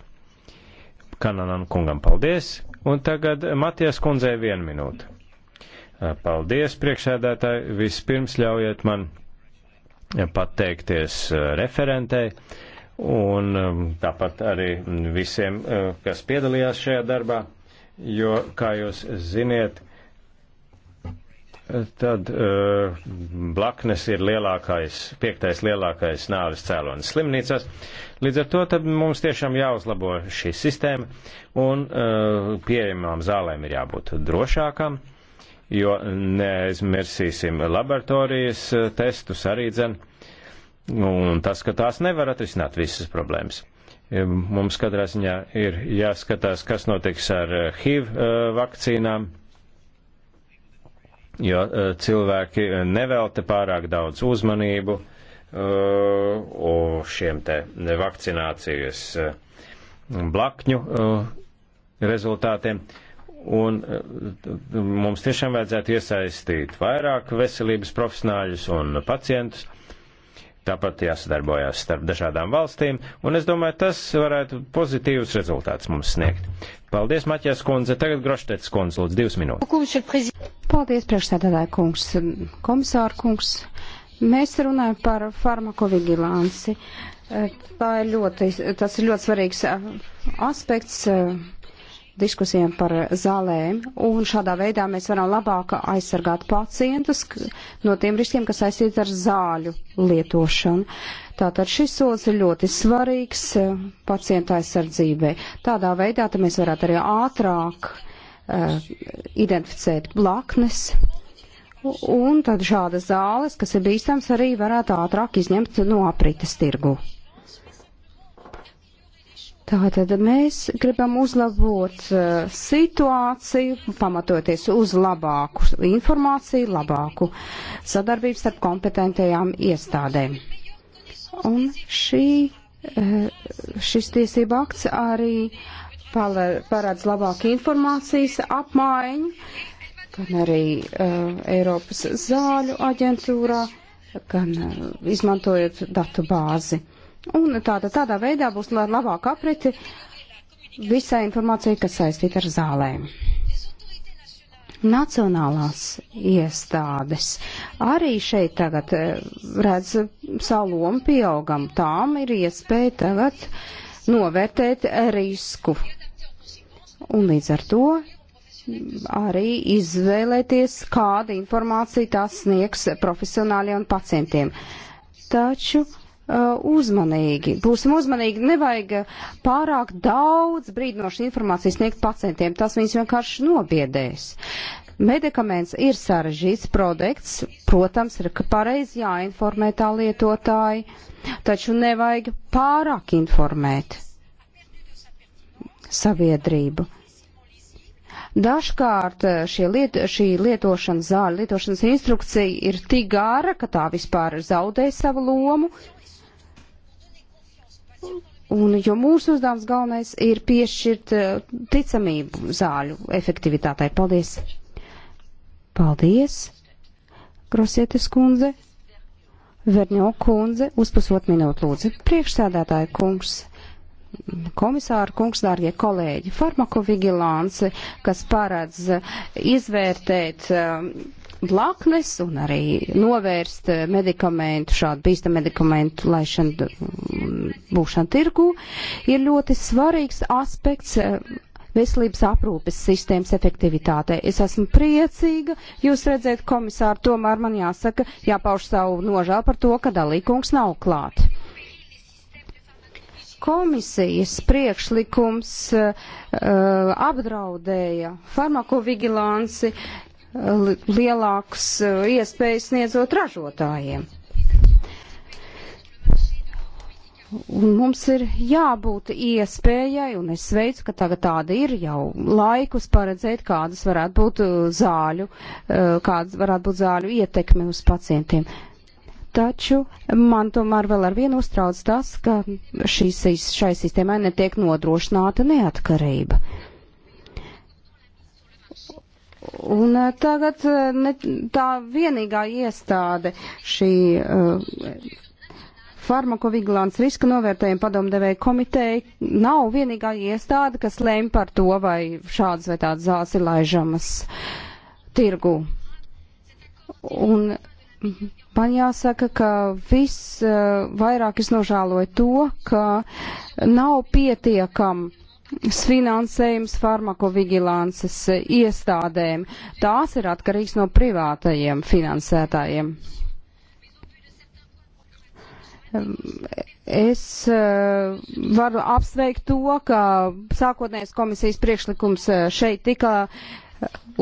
Kananam kungam paldies, un tagad Matijas kundzei vienu minūtu. Paldies, priekšsēdētāji, vispirms ļaujiet man pateikties eh, referentei un eh, tāpat arī visiem, eh, kas piedalījās šajā darbā, jo, kā jūs ziniet, tad uh, blaknes ir lielākais, piektais lielākais nāves cēlonis slimnīcās. Līdz ar to tad mums tiešām jāuzlabo šī sistēma un uh, pieejamām zālēm ir jābūt drošākām. Uh, jo neaizmirsīsim laboratorijas testus arī dzen, un tas, ka tās nevar atrisināt visas problēmas. Mums katrā ziņā ir jāskatās, kas notiks ar eh, HIV eh, vakcīnām, jo eh, cilvēki nevelta pārāk daudz uzmanību šiem te vakcinācijas blakņu rezultātiem. Uh, Un eh, mums tiešām vajadzētu iesaistīt vairāk veselības profesionāļus un pacientus. Tāpat jāsadarbojās starp dažādām valstīm, un es domāju, tas varētu pozitīvus rezultātus mums sniegt. Paldies, Maķēs kundze. Tagad Groštets kundze, lūdzu, divas minūtes. Paldies, priekšsēdētāja kungs, komisāra kungs. Mēs runājam par farmakovigilanci. Eh, tā ir ļoti, tas ir ļoti svarīgs eh, aspekts diskusijām par zālēm, un šādā veidā mēs varam labāk aizsargāt pacientus no tiem riskiem, kas saistīti ar zāļu lietošanu. Tātad šis solis ir ļoti svarīgs e, pacienta aizsardzībai. Tādā veidā mēs varētu arī ātrāk uh, identificēt blaknes, un tad šādas zāles, kas ir bīstams, arī varētu ātrāk izņemt no aprites tirgu. Tātad mēs gribam uzlabot uh, situāciju, pamatoties uz labāku informāciju, labāku sadarbību starp kompetentajām iestādēm. Un šī, uh, šis tiesība akts arī parāds labāku informācijas apmaiņu, gan arī uh, Eiropas zāļu aģentūrā, gan uh, izmantojot datu bāzi. Un tāda, tādā veidā būs labāk apriti visai informācija, kas saistīta ar zālēm. Nacionālās iestādes arī šeit tagad eh, redz savu lomu pieaugam. Tām ir iespēja tagad novērtēt risku. Un līdz ar to arī izvēlēties, kāda informācija tās sniegs profesionāļiem un pacientiem. Taču Uh, uzmanīgi. Būsim uzmanīgi, nevajag pārāk daudz brīdinošu informācijas sniegt pacientiem, tas viņus vienkārši nobiedēs. Medikaments ir sarežģīts produkts, protams, ir pareizi jāinformē tā lietotāji, taču nevajag pārāk informēt sabiedrību. Dažkārt uh, liet, šī lietošanas zāļu, lietošanas instrukcija ir tik gara, ka tā vispār zaudē savu lomu, Un, jo mūsu uzdevums galvenais ir piešķirt eh, ticamību zāļu efektivitātei. Paldies! Paldies, Grosietes kundze! Verņo kundze, uz pusotru minūtu lūdzu. Priekšsēdētāja kungs, komisāra kungs, dārgie kolēģi, farmakovigilance, kas paredz izvērtēt. Uh, blaknes un arī novērst medikamentu, šādu bīstamu medikamentu laišanu mm, būšanu tirgu, ir ļoti svarīgs aspekts eh, veselības aprūpes sistēmas efektivitātei. Es esmu priecīga, jūs redzēt, komisāri, tomēr man jāsaka, jāpauž savu nožēlu par to, ka dalīkums nav klāt. Komisijas priekšlikums uh, apdraudēja farmakovigilanci, uh, lielākas eh, iespējas sniedzot ražotājiem. Un mums ir jābūt iespējai, un es sveicu, ka tagad tāda ir jau laikus paredzēt, kādas varētu būt eh, zāļu, eh, kādas varētu būt zāļu ietekme uz pacientiem. Taču man tomēr vēl ar vienu uztrauc tas, ka šīs, šai sistēmai netiek nodrošināta neatkarība. Uh, Un eh, tagad eh, ne, tā vienīgā iestāde šī uh, farmakovigilants riska novērtējuma padomdevēja komiteja nav vienīgā iestāde, kas lēma par to, vai šādas vai tādas zāles ir laižamas tirgu. Un man jāsaka, ka viss uh, vairāk es nožāloju to, ka nav pietiekami finansējums farmakovigilances eh, iestādēm. Tās ir atkarīgs no privātajiem finansētājiem. Es uh, varu apsveikt to, ka sākotnējais komisijas priekšlikums eh, šeit tika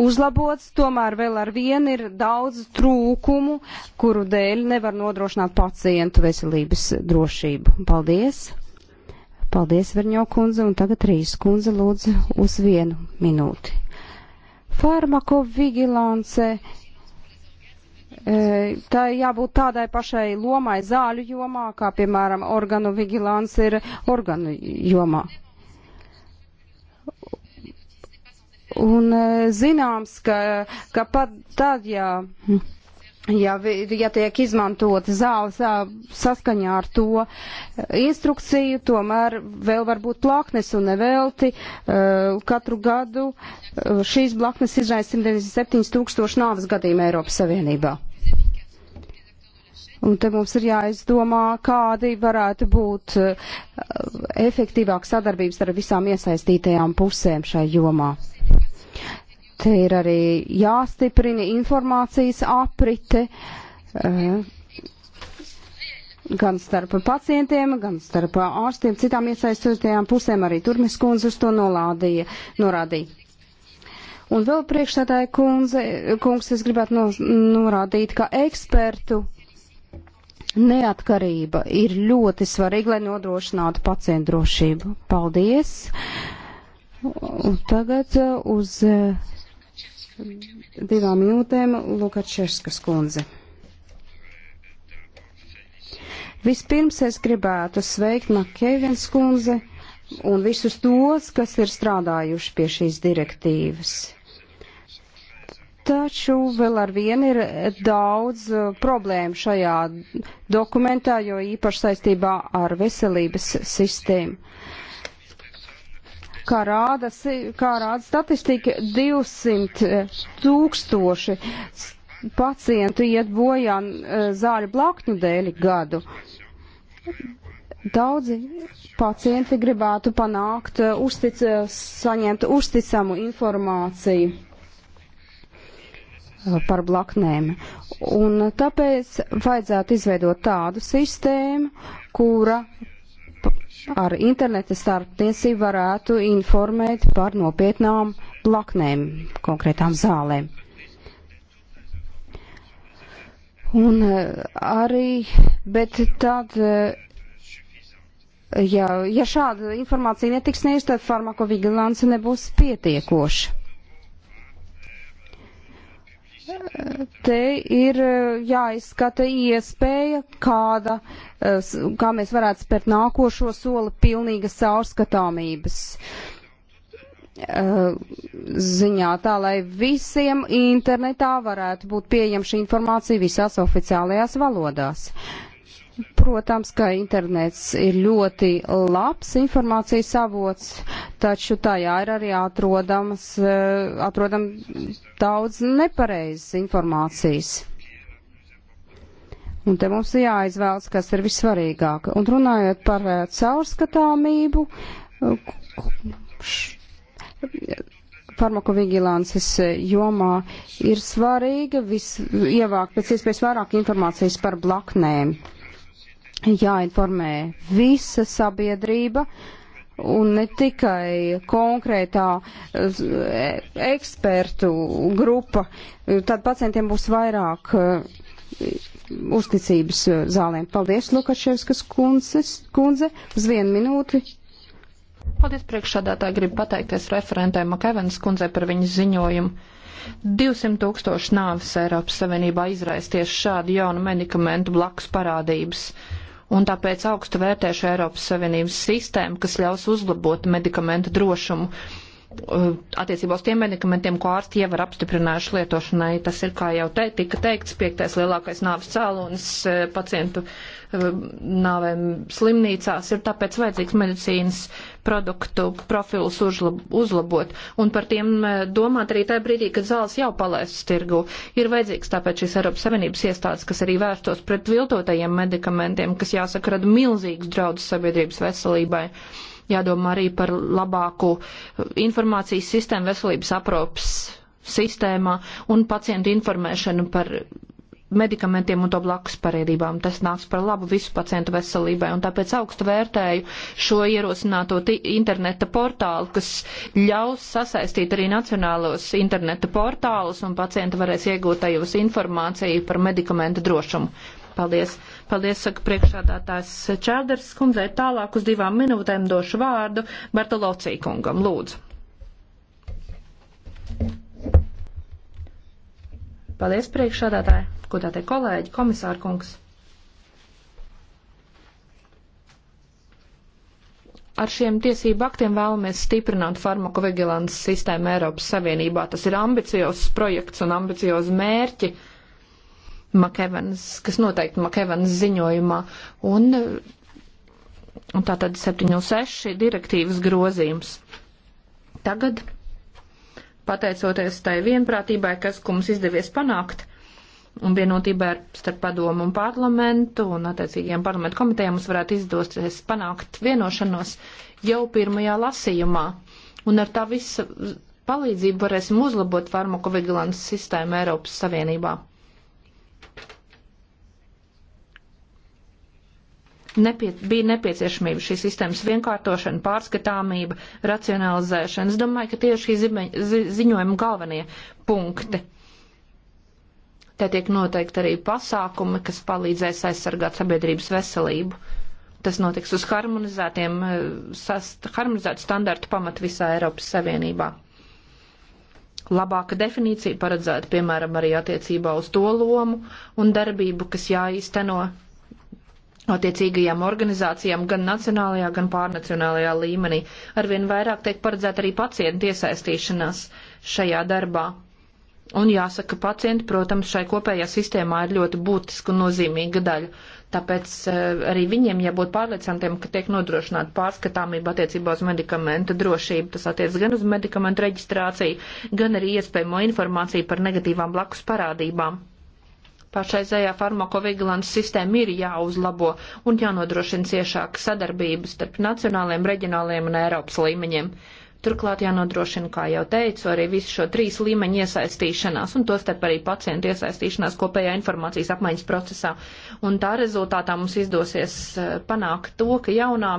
uzlabots, tomēr vēl ar vienu ir daudz trūkumu, kuru dēļ nevar nodrošināt pacientu veselības drošību. Paldies! Paldies, Verņo kundze, un tagad Rīs kundze lūdzu uz vienu minūti. Farmakovigilance. E, tā jābūt tādai pašai lomai zāļu jomā, kā piemēram organu vigilants ir organu jomā. Un e, zināms, ka, ka pat tad, ja. Jā ja, ja tiek izmantota zāle saskaņā ar to instrukciju, tomēr vēl var būt plaknes un nevelti. Katru gadu šīs blaknes izraisa 197 tūkstoši nāves gadījumu Eiropas Savienībā. Un te mums ir jāizdomā, kādi varētu būt efektīvāk sadarbības ar visām iesaistītajām pusēm šai jomā. Te ir arī jāstiprina informācijas aprite eh, gan starp pacientiem, gan starp ārstiem, citām iesaistītajām pusēm arī Turmes kundze uz to nolādīja, norādīja. Un vēl priekšstādāja kundze, kungs, es gribētu no, norādīt, ka ekspertu neatkarība ir ļoti svarīga, lai nodrošinātu pacientu drošību. Paldies! Un tagad eh, uz eh, divām minūtēm Lukačevskas kundze. Vispirms es gribētu sveikt Makēvins kundze un visus tos, kas ir strādājuši pie šīs direktīvas. Taču vēl ar vienu ir daudz uh, problēmu šajā dokumentā, jo īpaši saistībā ar veselības sistēmu. Kā rāda, kā rāda statistika, 200 eh, tūkstoši pacientu iet bojā eh, zāļu blakņu dēļ gadu. Daudzi pacienti gribētu panākt, eh, uztic, saņemt uzticamu informāciju par blaknēm. Un tāpēc vajadzētu izveidot tādu sistēmu, kura ar interneta starptiesību varētu informēt par nopietnām blaknēm, konkrētām zālēm. Un eh, arī, bet tad, eh, ja, ja šāda informācija netiks sniegta, tad farmakovigilance nebūs pietiekoša. Te ir eh, jāizskata iespēja, kāda, eh, kā mēs varētu spērt nākošo soli pilnīgas caurskatāmības eh, ziņā, tā lai visiem internetā varētu būt pieejama šī informācija visās oficiālajās valodās. Uh, Protams, ka internets ir ļoti labs informācijas avots, taču tajā ir arī atrodams, eh, atrodam daudz nepareizas informācijas. Un te mums ir jāizvēlas, kas ir vissvarīgāk. Un runājot par eh, caurskatāmību, eh, farmakovigilances jomā ir svarīga vis, ievākt pēc iespējas vairāk informācijas par blaknēm. Uh, jāinformē visa sabiedrība. Un ne tikai konkrētā eh, ekspertu grupa, tad pacientiem būs vairāk eh, uzticības eh, zālēm. Paldies, Lukaševskas kundze, uz vienu minūti. Paldies, priekšsādātāji, gribu pateikties referentē Makevens kundzei par viņas ziņojumu. 200 tūkstoši nāves Eiropas Savienībā izraisties šādu jaunu medikamentu blakus parādības. Uh, un tāpēc augstu vērtēšu Eiropas Savienības sistēmu, kas ļaus uzlabot medikamentu drošumu uh, attiecībā uz tiem medikamentiem, ko ārsti jau ir apstiprinājuši lietošanai. Tas ir, kā jau te, tika teikts, piektais lielākais nāves cēlonis uh, pacientu uh, nāvēm slimnīcās. Ir tāpēc vajadzīgs medicīnas uh, produktu profilus uzlabot un par tiem eh, domāt arī tajā brīdī, kad zāles jau palaistas tirgu. Ir vajadzīgs tāpēc šīs Eiropas Savienības iestādes, kas arī vērstos pret viltotajiem medikamentiem, kas jāsaka rada milzīgas draudus sabiedrības veselībai jādomā arī par labāku eh, informācijas sistēmu veselības aprūpas sistēmā un pacientu informēšanu par medikamentiem un to blakus parēdībām. Tas nāks par labu visu pacientu veselībai, un tāpēc augstu vērtēju šo ierosināto interneta portālu, kas ļaus sasaistīt arī nacionālos interneta portālus, un pacienti varēs iegūt tajos informāciju par medikamentu drošumu. Paldies! Paldies, saka priekšādātājs Čērders skundzei. Tālāk uz divām minūtēm došu vārdu Bartolocī kungam. Lūdzu! Paldies, priekšādātāji! godātie kolēģi, komisārkungs. Ar šiem tiesību aktiem vēlamies stiprināt farmakovigilants sistēmu Eiropas Savienībā. Tas ir ambiciozs projekts un ambiciozi mērķi, Makevans, kas noteikti Makevans ziņojumā. Un, un tā tad 706 direktīvas grozījums. Tagad, pateicoties tai vienprātībai, kas mums izdevies panākt, un vienotībā ar starp padomu un parlamentu un attiecīgiem parlamentu komitejiem mums varētu izdosies panākt vienošanos jau pirmajā lasījumā. Un ar tā visa palīdzību varēsim uzlabot farmakovigilants sistēmu Eiropas Savienībā. Nepie, bija nepieciešamība šīs sistēmas vienkārtošana, pārskatāmība, racionalizēšana. Es domāju, ka tieši šī zi, ziņojuma galvenie punkti. Mm. Te tiek noteikti arī pasākumi, kas palīdzēs aizsargāt sabiedrības veselību. Tas notiks uz harmonizētiem, eh, sast, harmonizētu standartu pamatu visā Eiropas Savienībā. Labāka definīcija paredzēta, piemēram, arī attiecībā uz to lomu un darbību, kas jāīsteno attiecīgajām organizācijām gan nacionālajā, gan pārnacionālajā līmenī. Arvien vairāk tiek paredzēta arī pacientu iesaistīšanās šajā darbā. Un jāsaka, pacienti, protams, šai kopējā sistēmā ir ļoti būtiska un nozīmīga daļa. Tāpēc eh, arī viņiem jābūt pārliecinātiem, ka tiek nodrošināta pārskatāmība attiecībā uz medikamentu drošību. Tas attiec gan uz medikamentu reģistrāciju, gan arī iespējamo informāciju par negatīvām blakus parādībām. Pašreizējā farmakovigilants sistēma ir jāuzlabo un jānodrošina ciešāka sadarbības starp nacionāliem, reģionāliem un Eiropas līmeņiem. Turklāt jānodrošina, kā jau teicu, arī visu šo trīs līmeņu iesaistīšanās un tostarp arī pacientu iesaistīšanās kopējā informācijas apmaiņas procesā. Un tā rezultātā mums izdosies eh, panākt to, ka jaunā,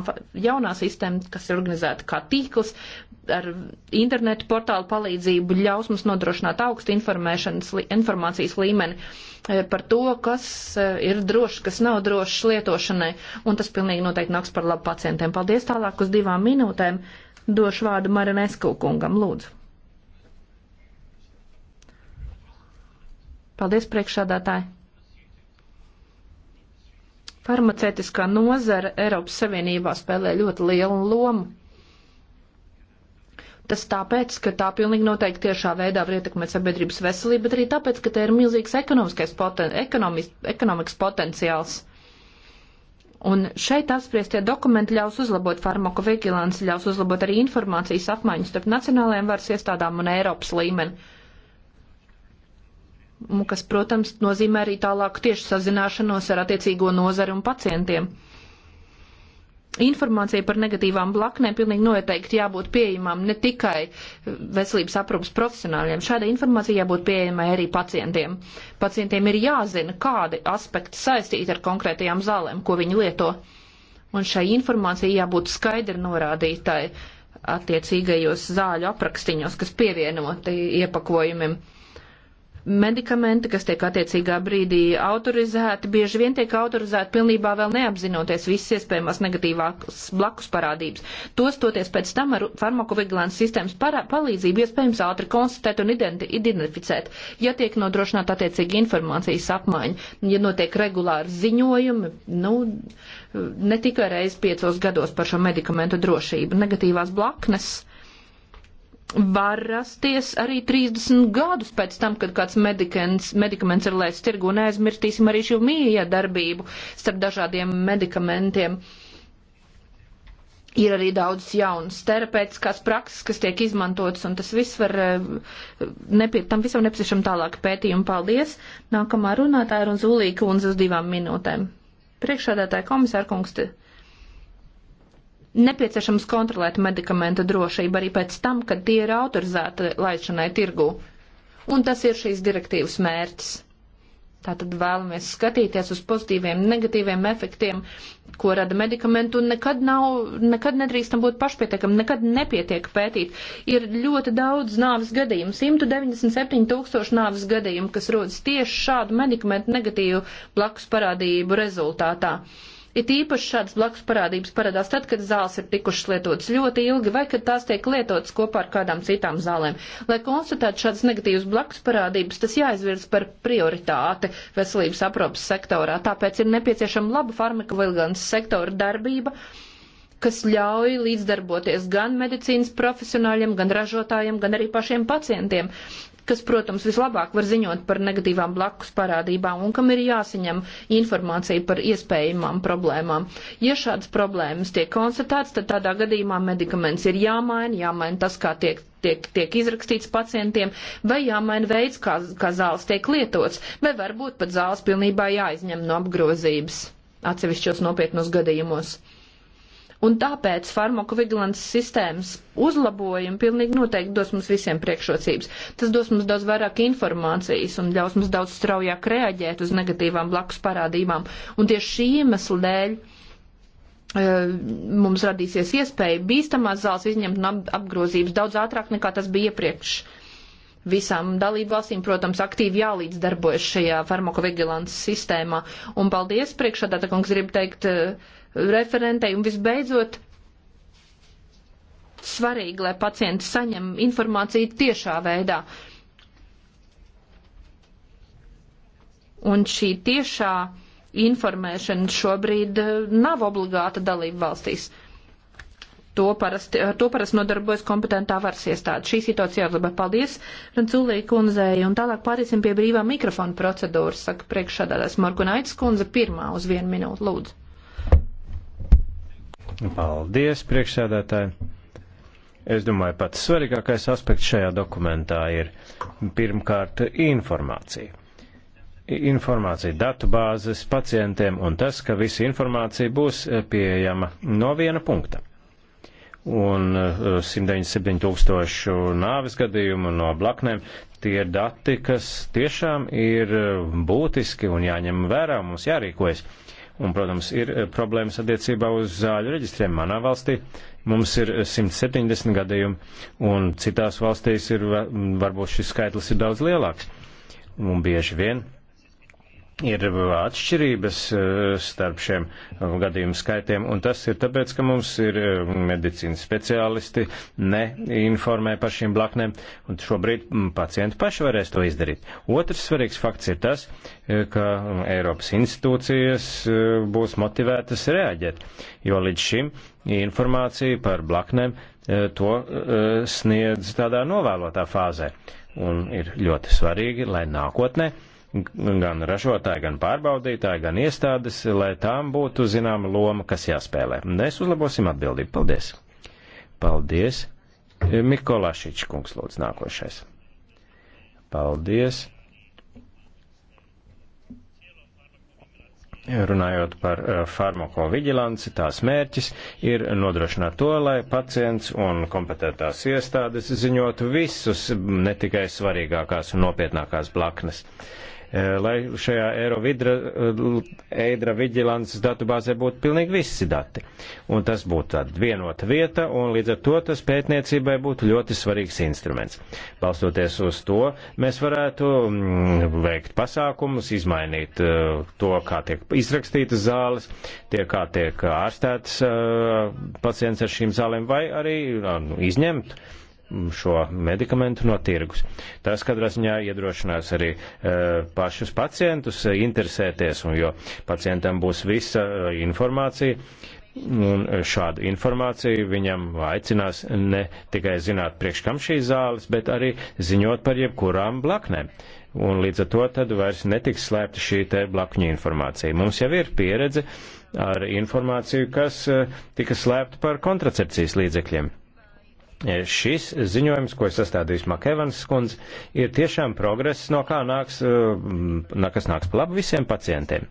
jaunā sistēma, kas ir organizēta kā tīkls, ar internetu portālu palīdzību ļaus mums nodrošināt augstu informācijas līmeni eh, par to, kas eh, ir drošs, kas nav drošs lietošanai, un tas pilnīgi noteikti nāks par labu pacientiem. Paldies tālāk uz divām minūtēm. Došu vārdu Marinesku kungam, lūdzu. Paldies, priekšādātāji! Farmaceitiskā nozara Eiropas Savienībā spēlē ļoti lielu lomu. Tas tāpēc, ka tā pilnīgi noteikti tiešā veidā var ietekmēt sabiedrības veselību, bet arī tāpēc, ka te ir milzīgs ekonomiskais poten ekonomis ekonomikas potenciāls. Un šeit apspriestie dokumenti ļaus uzlabot farmakovigilanci, ļaus uzlabot arī informācijas apmaiņu starp nacionālajiem varas iestādām un Eiropas līmeni. Un, kas, protams, nozīmē arī tālāku tieši sazināšanos ar attiecīgo nozari un pacientiem informācija par negatīvām blaknēm pilnīgi noteikti jābūt pieejamām ne tikai veselības aprūpas profesionāļiem. Šāda informācija jābūt pieejamai arī pacientiem. Pacientiem ir jāzina, kādi aspekti saistīti ar konkrētajām zālēm, ko viņi lieto. Un šai informācijai jābūt skaidri norādītai attiecīgajos zāļu aprakstiņos, kas pievienoti iepakojumiem. Uh, medikamenti, kas tiek attiecīgā brīdī autorizēti, bieži vien tiek autorizēti pilnībā vēl neapzinoties visas iespējamās negatīvās blakus parādības. Tos toties pēc tam ar farmakovigilants sistēmas palīdzību iespējams ātri konstatēt un identi identificēt, ja tiek nodrošināta attiecīga informācijas apmaiņa, ja notiek regulāri ziņojumi, nu, ne tikai reiz piecos gados par šo medikamentu drošību. Negatīvās blaknes var rasties arī 30 gadus pēc tam, kad kāds medikants, medikaments ir laists tirgu, un neaizmirstīsim arī šo mīja darbību starp dažādiem medikamentiem. Ir arī daudz jaunas terapeitiskās prakses, kas tiek izmantotas, un tas viss var, eh, nepie, tam visam nepieciešam tālāk pētījumu. Paldies! Nākamā runātāja ir un Zulīka un uz divām minūtēm. Priekšādātāja komisāra kungs. Te nepieciešams kontrolēt medikamentu drošību arī pēc tam, kad tie ir autorizēti laišanai tirgū. Un tas ir šīs direktīvas mērķis. Tātad vēlamies skatīties uz pozitīviem, negatīviem efektiem, ko rada medikamentu, un nekad nav, nekad nedrīkstam būt pašpietiekam, nekad nepietiek pētīt. Ir ļoti daudz nāves gadījumu, 197 tūkstoši nāves gadījumu, kas rodas tieši šādu medikamentu negatīvu blakus parādību rezultātā. Uh, It īpaši šādas blakus parādības parādās tad, kad zāles ir tikušas lietotas ļoti ilgi vai kad tās tiek lietotas kopā ar kādām citām zālēm. Lai konstatētu šādas negatīvas blakus parādības, tas jāizvirz par prioritāti veselības aprūpas sektorā. Tāpēc ir nepieciešama laba farmakoviligants sektora darbība kas ļauj līdzdarboties gan medicīnas profesionāļiem, gan ražotājiem, gan arī pašiem pacientiem kas, protams, vislabāk var ziņot par negatīvām blakus parādībām un kam ir jāsaņem informācija par iespējamām problēmām. Ja šādas problēmas tiek konstatētas, tad tādā gadījumā medikaments ir jāmaina, jāmaina tas, kā tiek tiek, tiek izrakstīts pacientiem, vai jāmaina veids, kā, kā zāles tiek lietots, vai varbūt pat zāles pilnībā jāizņem no apgrozības atsevišķos nopietnos gadījumos. Un tāpēc farmakovigilants sistēmas uzlabojumi pilnīgi noteikti dos mums visiem priekšrocības. Tas dos mums daudz vairāk informācijas un ļaus mums daudz straujāk reaģēt uz negatīvām blakus parādībām. Un tieši šī iemesla dēļ eh, mums radīsies iespēja bīstamās zāles izņemt no apgrozības daudz ātrāk nekā tas bija iepriekš visām dalībvalstīm, protams, aktīvi jālīdzdarbojas šajā farmakovigilants sistēmā. Un paldies priekšādā, tā kungs grib teikt eh, referentei. Un visbeidzot, svarīgi, lai pacienti saņem informāciju tiešā veidā. Un šī tiešā informēšana šobrīd eh, nav obligāta dalību valstīs. To parasti, ar to parasti nodarbojas kompetentā varas iestāde. Šī situācija jāglabā. Paldies, Ranculī kundzei, un tālāk pāriesim pie brīvā mikrofona procedūras, saka priekšsādātājs Morgunaitis kundze pirmā uz vienu minūtu, lūdzu. Paldies, priekšsēdētāji. Es domāju, pats svarīgākais aspekts šajā dokumentā ir pirmkārt informācija informācija, datu bāzes pacientiem un tas, ka visa informācija būs pieejama no viena punkta un 197 eh, tūkstošu nāvis gadījumu no blaknēm. Tie ir dati, kas tiešām ir eh, būtiski un jāņem vērā, mums jārīkojas. Un, protams, ir eh, problēmas attiecībā uz zāļu reģistriem. Manā valstī mums ir 170 gadījumi, un citās valstīs ir, varbūt šis skaitlis ir daudz lielāks. Un bieži vien ir atšķirības e, starp šiem e, gadījumu skaitiem, un tas ir tāpēc, ka mums ir e, medicīnas speciālisti neinformē par šīm blaknēm, un šobrīd pacienti paši varēs to izdarīt. Otrs svarīgs fakts ir tas, ka Eiropas institūcijas būs motivētas reaģēt, jo līdz šim informācija par blaknēm to sniedz tādā novēlotā fāzē, un ir ļoti svarīgi, lai nākotnē gan ražotāji, gan pārbaudītāji, gan iestādes, lai tām būtu zināma loma, kas jāspēlē. Mēs uzlabosim atbildību. Paldies! Paldies! Mikolašič kungs lūdzu nākošais. Paldies! Runājot par eh, farmakoviģilanci, tās mērķis ir nodrošināt to, lai pacients un kompetentās iestādes ziņotu visus, ne tikai svarīgākās un nopietnākās blaknes. Uh, Eh, lai šajā Eirovidra, eh, Eidra vigilances datubāzē būtu pilnīgi visi dati. Un tas būtu tāda vienota vieta, un līdz ar to tas pētniecībai būtu ļoti svarīgs instruments. Balstoties uz to, mēs varētu mm, veikt pasākumus, izmainīt eh, to, kā tiek izrakstītas zāles, tie, kā tiek ārstētas pacients ar šīm zālēm, vai arī nu, izņemt Mm, šo medikamentu no tirgus. Tas katrā ziņā iedrošinās arī e, pašus pacientus interesēties, un jo pacientam būs visa e, informācija, un šādu informāciju viņam aicinās ne tikai zināt priekš kam šīs zāles, bet arī ziņot par jebkurām blaknēm. Un līdz ar to tad vairs netiks slēpta šī te blakņu informācija. Mums jau ir pieredze ar informāciju, kas e, tika slēpta par kontracepcijas līdzekļiem. E, šis ziņojums, ko ir sastādījis Makevans skundz, ir tiešām progress, no kā nāks, e, no kas nāks pa labu visiem pacientiem.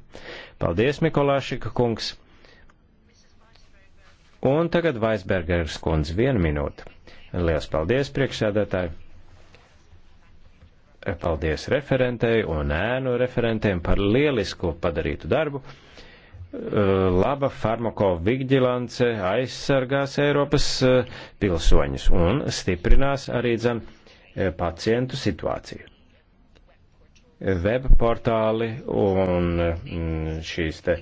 Paldies, Mikolāšika kungs. Un tagad Vaisbergers kundz, viena minūte. Lielas paldies, priekšsēdētāji. E, paldies referentei un ēnu referentiem par lielisko padarītu darbu laba farmakovigilance aizsargās Eiropas eh, pilsoņus un stiprinās arī dzem eh, pacientu situāciju. Web portāli un mm, šīs te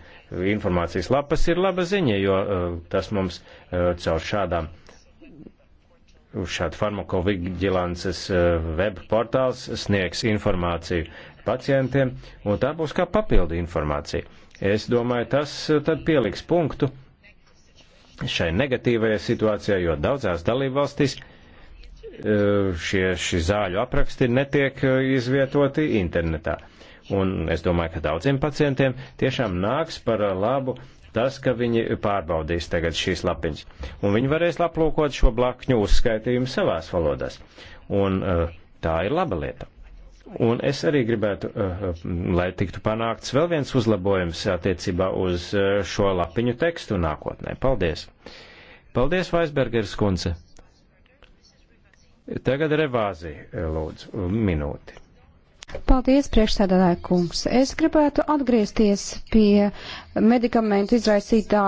informācijas lapas ir laba ziņa, jo eh, tas mums caur šādām šādu farmakovigilances web portāls sniegs informāciju pacientiem, un tā būs kā papildu informācija Es domāju, tas eh, tad pieliks punktu šai negatīvajai situācijai, jo daudzās dalībvalstīs eh, šie šī zāļu apraksti netiek eh, izvietoti internetā. Un es domāju, ka daudziem pacientiem tiešām nāks par labu tas, ka viņi pārbaudīs tagad šīs lapiņas. Un viņi varēs aplūkot šo blakņu uzskaitījumu savās valodās. Un tā ir laba lieta. Un es arī gribētu, eh, eh, lai tiktu panākts vēl viens uzlabojums attiecībā uz eh, šo lapiņu tekstu nākotnē. Paldies! Paldies, Vaisbergers kundze! Tagad revāzi, lūdzu, minūti. Paldies, priekšsēdētāja kungs. Es gribētu atgriezties pie medikamentu izraisītā,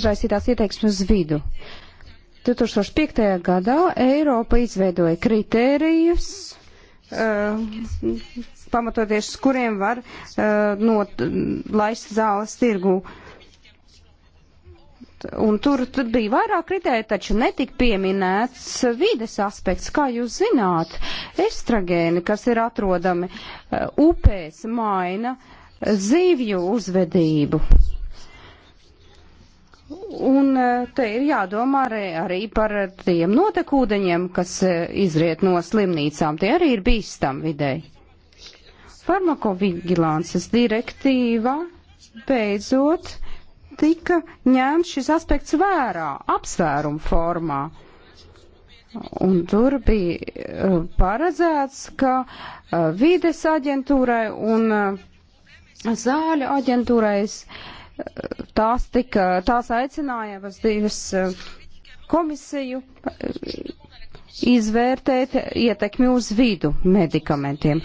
izraisītās ieteiksmes vidu. 2005. gadā Eiropa izveidoja kritērijus Uh, pamatoties, uz kuriem var uh, no, laist zāles tirgū. Un tur, tur bija vairāk kritērija, taču netika pieminēts vides aspekts, kā jūs zināt. Estragēni, kas ir atrodami uh, upēs, maina zīvju uzvedību. Un eh, te ir jādomā arī, arī par tiem notekūdeņiem, kas eh, izriet no slimnīcām. Tie arī ir bīstam videi. Farmakovigilānces direktīva beidzot tika ņemts šis aspekts vērā, apsvērumu formā. Un tur bija eh, paredzēts, ka vides aģentūrai un zāļu aģentūrais uh, tās, tika, tās aicināja Vazdīvas e, komisiju e, izvērtēt ietekmi uz vidu medikamentiem.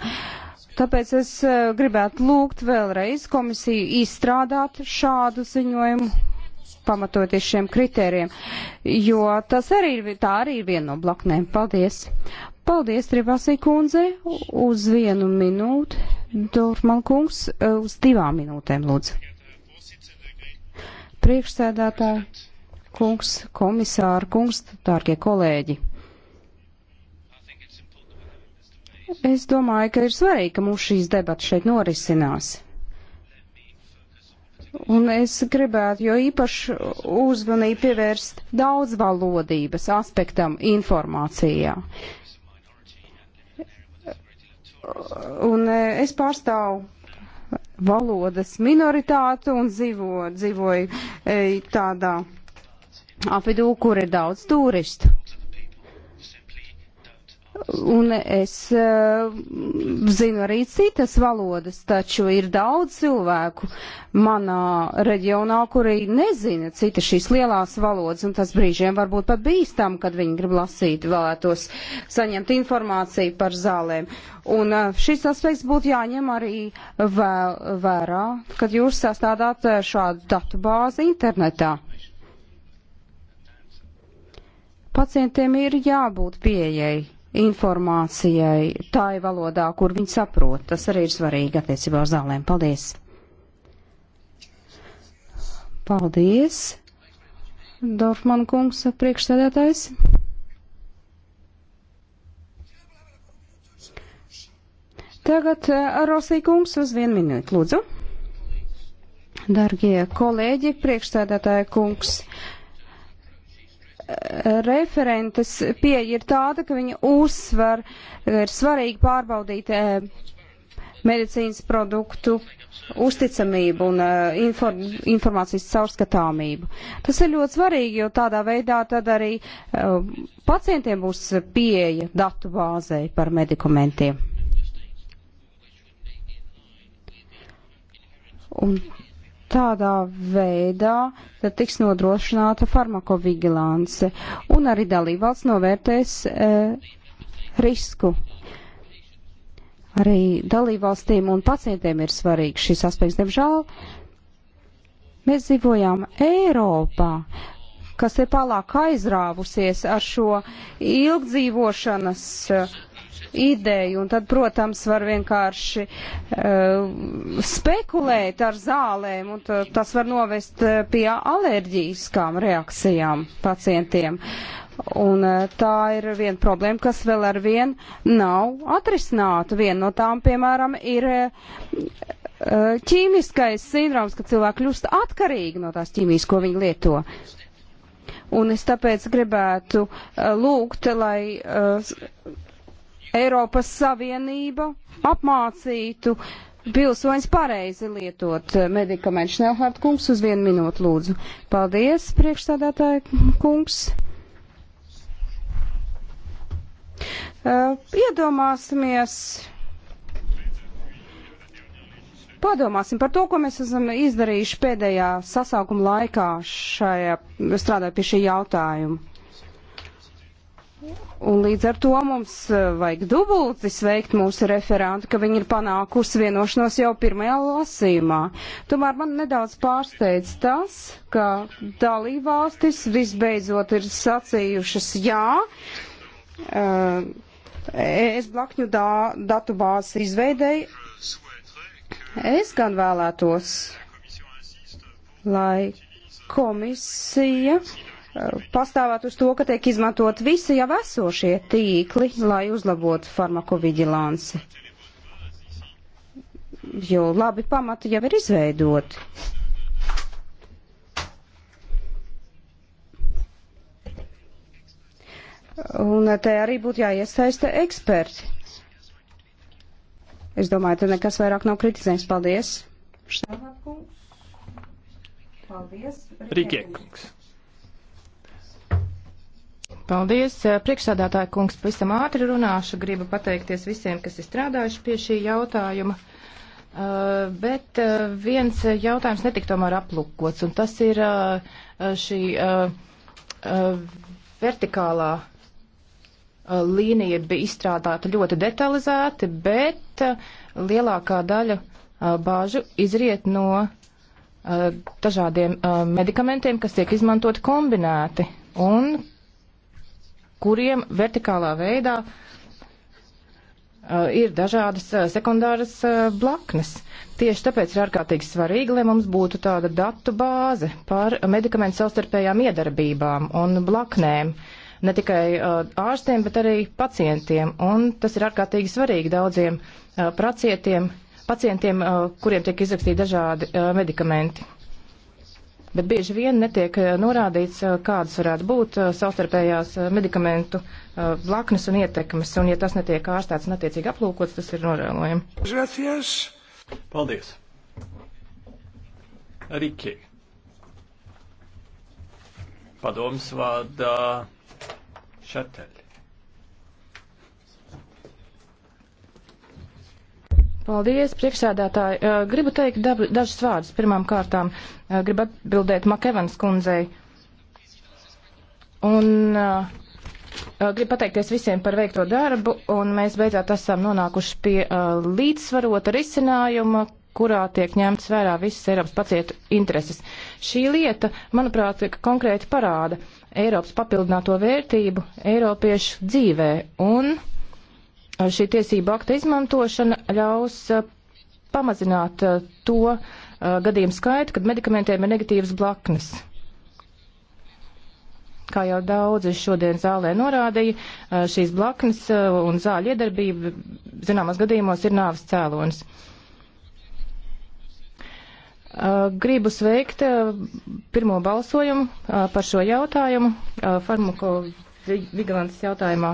Tāpēc es e, gribētu lūgt vēlreiz komisiju izstrādāt šādu ziņojumu, pamatoties šiem kritērijiem, jo tas arī ir, tā arī ir viena no blaknēm. Paldies! Paldies, Trivasī kundze, uz vienu minūti, Dorfman kungs, uz divām minūtēm, lūdzu priekšsēdētāji, kungs, komisāri, kungs, dārgie kolēģi. Es domāju, ka ir svarīgi, ka mums šīs debatas šeit norisinās. Un es gribētu jo īpaši uzmanību pievērst daudzvalodības aspektam informācijā. Un eh, es pārstāvu valodas minoritāte un dzīvo, dzīvoja e, tādā apvidū, kur ir daudz turistu. Un es eh, zinu arī citas valodas, taču ir daudz cilvēku manā reģionā, kuri nezina citas šīs lielās valodas, un tas brīžiem varbūt pat bīstam, kad viņi grib lasīt, vēlētos saņemt informāciju par zālēm. Un eh, šis aspekts būtu jāņem arī vēl, vērā, kad jūs sastādāt eh, šādu datu bāzi internetā pacientiem ir jābūt pieejai informācijai tāja valodā, kur viņi saprot. Tas arī ir svarīgi attiecībā uz zālēm. Paldies! Paldies, Dorfman kungs, priekšsēdētājs. Tagad eh, Rosīkums uz vienu minūti, lūdzu. Dargie kolēģi, priekšstādātāja kungs, referentes pieeja ir tāda, ka viņa uzsver, ir svarīgi pārbaudīt eh, medicīnas produktu uzticamību un eh, inform, informācijas caurskatāmību. Tas ir ļoti svarīgi, jo tādā veidā tad arī eh, pacientiem būs pieeja datu bāzei par medikamentiem. Un Tādā veidā tad tiks nodrošināta farmakovigilance un arī dalībvalsts novērtēs e, risku. Arī dalībvalstīm un pacientiem ir svarīgs šis aspekts. Diemžēl mēs dzīvojām Eiropā, kas ir palāk aizrāvusies ar šo ilgdzīvošanas uh, ideju, un tad, protams, var vienkārši uh, spekulēt ar zālēm, un tas var novest eh, pie alerģiskām reakcijām pacientiem. Un uh, tā ir viena problēma, kas vēl ar vien nav atrisināta. Viena no tām, piemēram, ir uh, ķīmiskais sindroms, ka cilvēki kļūst atkarīgi no tās ķīmijas, ko viņi lieto. Un es tāpēc gribētu uh, lūgt, lai uh, Eiropas Savienība apmācītu pilsoņus pareizi lietot medikamentus. Nelhārt kungs uz vienu minūtu lūdzu. Paldies, priekšstādātāja kungs. Uh, iedomāsimies. Padomāsim par to, ko mēs esam izdarījuši pēdējā sasaukuma laikā šajā, strādājot pie šī jautājuma. Un līdz ar to mums eh, vajag dubulti sveikt mūsu referentu, ka viņi ir panākusi vienošanos jau pirmajā lasījumā. Tomēr man nedaudz pārsteidz tas, ka dalībvalstis visbeidzot ir sacījušas jā. Uh, es blakņu dā, datu bāzes izveidēju. Es gan vēlētos, lai komisija. Uh, pastāvēt uz to, ka tiek izmantot visi jau esošie tīkli, lai uzlabotu farmakoviģilanci. Jo labi pamati jau ir izveidoti. Un te arī būtu jāiesaista eksperti. Es domāju, te nekas vairāk nav kritizējums. Paldies. Paldies. Rīkiekungs. Paldies. Eh, Priekšsādātāja kungs, pavisam ātri runāšu. Gribu pateikties visiem, kas ir strādājuši pie šī jautājuma. Uh, bet uh, viens jautājums netika tomēr aplukots, un tas ir uh, šī vertikālā līnija bija izstrādāta ļoti detalizēti, bet lielākā daļa bāžu izriet no dažādiem medikamentiem, kas tiek izmantoti kombinēti un kuriem vertikālā veidā uh, ir dažādas uh, sekundāras uh, blaknes. Tieši tāpēc ir ārkārtīgi svarīgi, lai mums būtu tāda datu bāze par medikamentu savstarpējām iedarbībām un blaknēm. Ne tikai ārstiem, bet arī pacientiem. Un tas ir ārkārtīgi svarīgi daudziem pacientiem, pacientiem kuriem tiek izrakstīti dažādi medikamenti bet bieži vien netiek eh, norādīts, eh, kādas varētu būt eh, savstarpējās medikamentu blaknes un ietekmes, un ja tas netiek ārstēts un attiecīgi aplūkots, tas ir norēlojami. Paldies! Riki. Padoms vārdā Šateli. Paldies, priekšsēdētāji. Uh, gribu teikt dažus vārdus. Pirmām kārtām uh, gribu atbildēt Makevanas kundzei. Un uh, gribu pateikties visiem par veikto darbu, un mēs beidzot esam nonākuši pie līdzsvarota risinājuma, kurā tiek ņemts vērā visas Eiropas pacientu intereses. Šī lieta, manuprāt, konkrēti parāda Eiropas papildināto vērtību Eiropiešu dzīvē un šī tiesība akta izmantošana ļaus uh, pamazināt uh, to uh, gadījumu skaitu, kad medikamentiem ir negatīvas blaknes. Kā jau daudzi šodien zālē norādīja, šīs blaknes un zāļu iedarbība zināmos gadījumos ir nāves cēlonis. Gribu sveikt pirmo balsojumu par šo jautājumu farmako Vigilants jautājumā.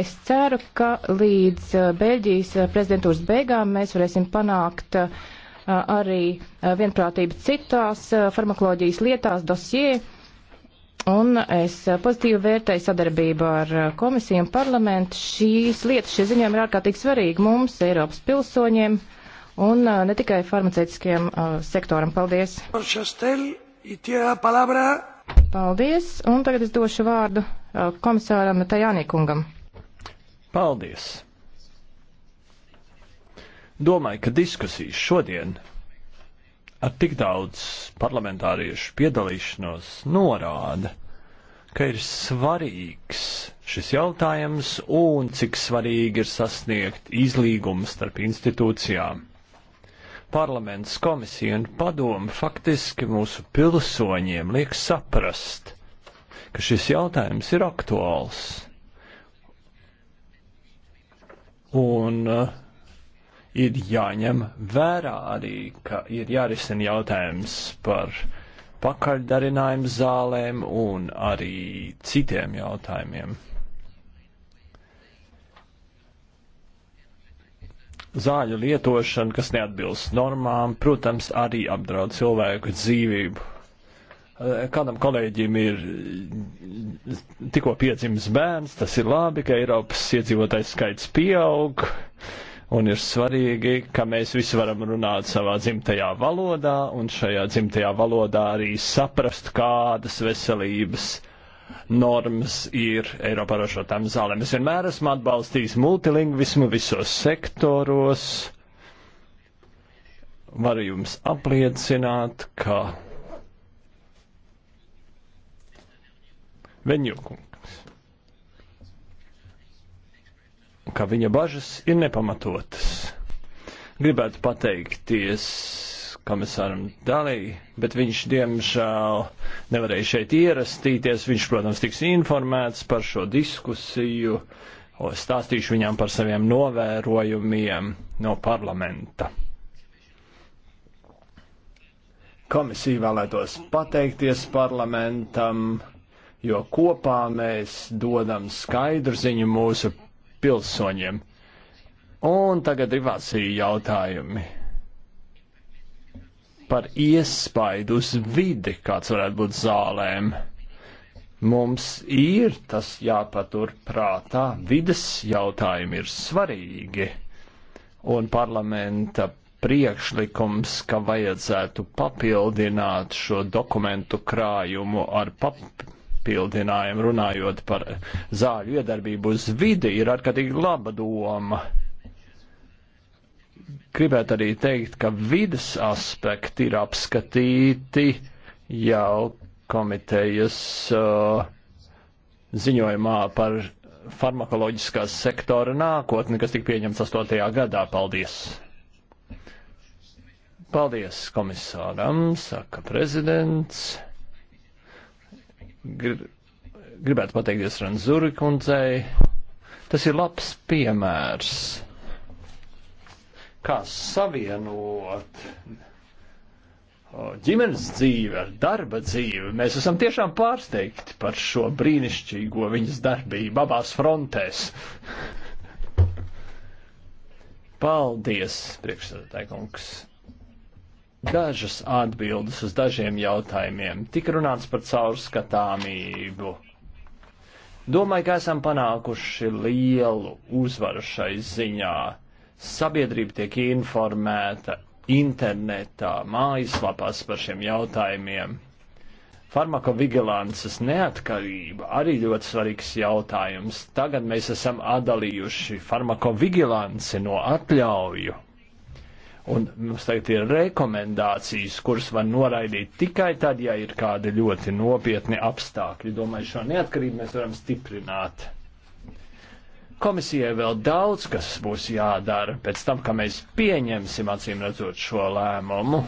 Es ceru, ka līdz eh, Beļģijas eh, prezidentūras beigām mēs varēsim panākt eh, arī vienprātību citās farmakoloģijas lietās dosie. Un es pozitīvi vērtēju sadarbību ar komisiju un parlamentu. Šīs lietas, šie ziņojumi ir ārkārtīgi svarīgi mums, Eiropas pilsoņiem un ne tikai farmaceitiskajam sektoram. Paldies! Paldies! Un tagad es došu vārdu Uh, komisāram Tajānīkungam. Paldies! Domāju, ka diskusijas šodien ar tik daudz parlamentāriešu piedalīšanos norāda, ka ir svarīgs šis jautājums un cik svarīgi ir sasniegt izlīgumu starp institūcijām. Parlaments, komisija un padomu faktiski mūsu pilsoņiem liek saprast, ka šis jautājums ir aktuāls. Un uh, ir jāņem vērā arī, ka ir jārisina jautājums par pakaļdarinājumu zālēm un arī citiem jautājumiem. Zāļu lietošana, kas neatbilst normām, protams, arī apdraud cilvēku dzīvību kādam kolēģim ir eh, tikko piedzimis bērns, tas ir labi, ka Eiropas iedzīvotājs skaits pieaug, un ir svarīgi, ka mēs visi varam runāt savā dzimtajā valodā, un šajā dzimtajā valodā arī saprast, kādas veselības normas ir Eiropā ražotām zālēm. Es vienmēr esmu atbalstījis multilingvismu visos sektoros. Varu jums apliecināt, ka Veņokungs, ka viņa bažas ir nepamatotas. Gribētu pateikties komisāram Dalī, bet viņš diemžēl nevarēja šeit ierastīties. Viņš, protams, tiks informēts par šo diskusiju. O, stāstīšu viņam par saviem novērojumiem no parlamenta. Komisija vēlētos pateikties parlamentam jo kopā mēs dodam skaidru ziņu mūsu pilsoņiem. Un tagad ir vasīja jautājumi par iespaidu uz vidi, kāds varētu būt zālēm. Mums ir tas jāpatur prātā, vides jautājumi ir svarīgi, un parlamenta priekšlikums, ka vajadzētu papildināt šo dokumentu krājumu ar pap papildinājumu runājot par zāļu iedarbību uz vidi ir ārkārtīgi laba doma. Gribētu arī teikt, ka vidas aspekti ir apskatīti jau komitejas uh, ziņojumā par farmakoloģiskās sektora nākotni, kas tika pieņemts 8. gadā. Paldies! Paldies komisāram, saka prezidents. Gr gribētu pateikties Ranzuri kundzei. Tas ir labs piemērs, kā savienot ģimenes dzīve ar darba dzīvi. Mēs esam tiešām pārsteigti par šo brīnišķīgo viņas darbību abās frontēs. Paldies, priekšsēdētāji kungs! dažas atbildes uz dažiem jautājumiem. Tik runāts par caurskatāmību. Domāju, ka esam panākuši lielu uzvaru šai ziņā. Sabiedrība tiek informēta internetā, mājaslapās par šiem jautājumiem. Farmakovigilances neatkarība arī ļoti svarīgs jautājums. Tagad mēs esam atdalījuši farmakovigilanci no atļauju Un mums tagad ir rekomendācijas, kuras var noraidīt tikai tad, ja ir kādi ļoti nopietni apstākļi. Domāju, šo neatkarību mēs varam stiprināt. Komisijai vēl daudz kas būs jādara pēc tam, ka mēs pieņemsim acīm redzot šo lēmumu.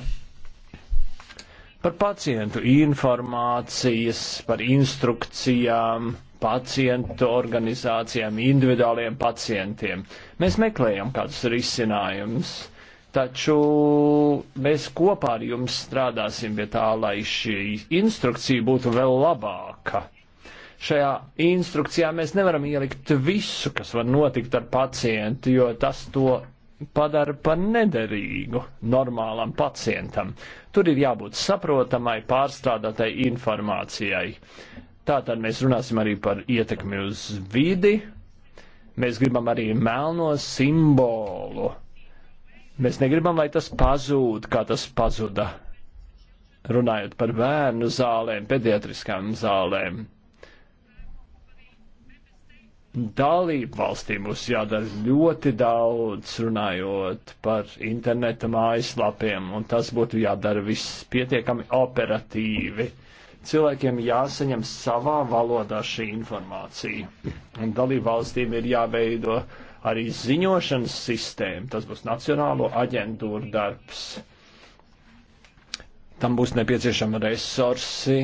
Par pacientu informācijas, par instrukcijām, pacientu organizācijām, individuāliem pacientiem. Mēs meklējam kādus risinājumus Taču mēs kopā ar jums strādāsim pie tā, lai šī instrukcija būtu vēl labāka. Šajā instrukcijā mēs nevaram ielikt visu, kas var notikt ar pacientu, jo tas to padara par nederīgu normālam pacientam. Tur ir jābūt saprotamai, pārstrādātai informācijai. Tātad mēs runāsim arī par ietekmi uz vidi. Mēs gribam arī melno simbolu Mēs negribam, lai tas pazūd, kā tas pazuda. Runājot par bērnu zālēm, pediatriskām zālēm. Dalību valstīm mums jādara ļoti daudz, runājot par interneta mājaslapiem, un tas būtu jādara viss pietiekami operatīvi cilvēkiem jāsaņem savā valodā šī informācija. Un dalībvalstīm ir jāveido arī ziņošanas sistēma, tas būs Nacionālo aģentūru darbs. Tam būs nepieciešama resursi,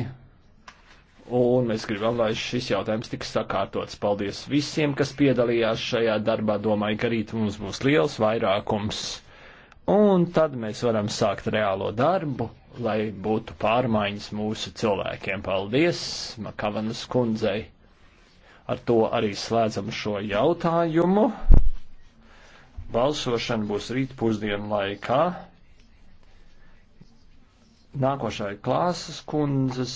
un mēs gribam, lai šis jautājums tiks sakārtots. Paldies visiem, kas piedalījās šajā darbā. Domāju, ka rīt mums būs liels vairākums, un tad mēs varam sākt reālo darbu, lai būtu pārmaiņas mūsu cilvēkiem. Paldies Makavanas kundzei! Ar to arī slēdzam šo jautājumu. Balsošana būs rīt pusdienu laikā. Nākošai klāsas kundzes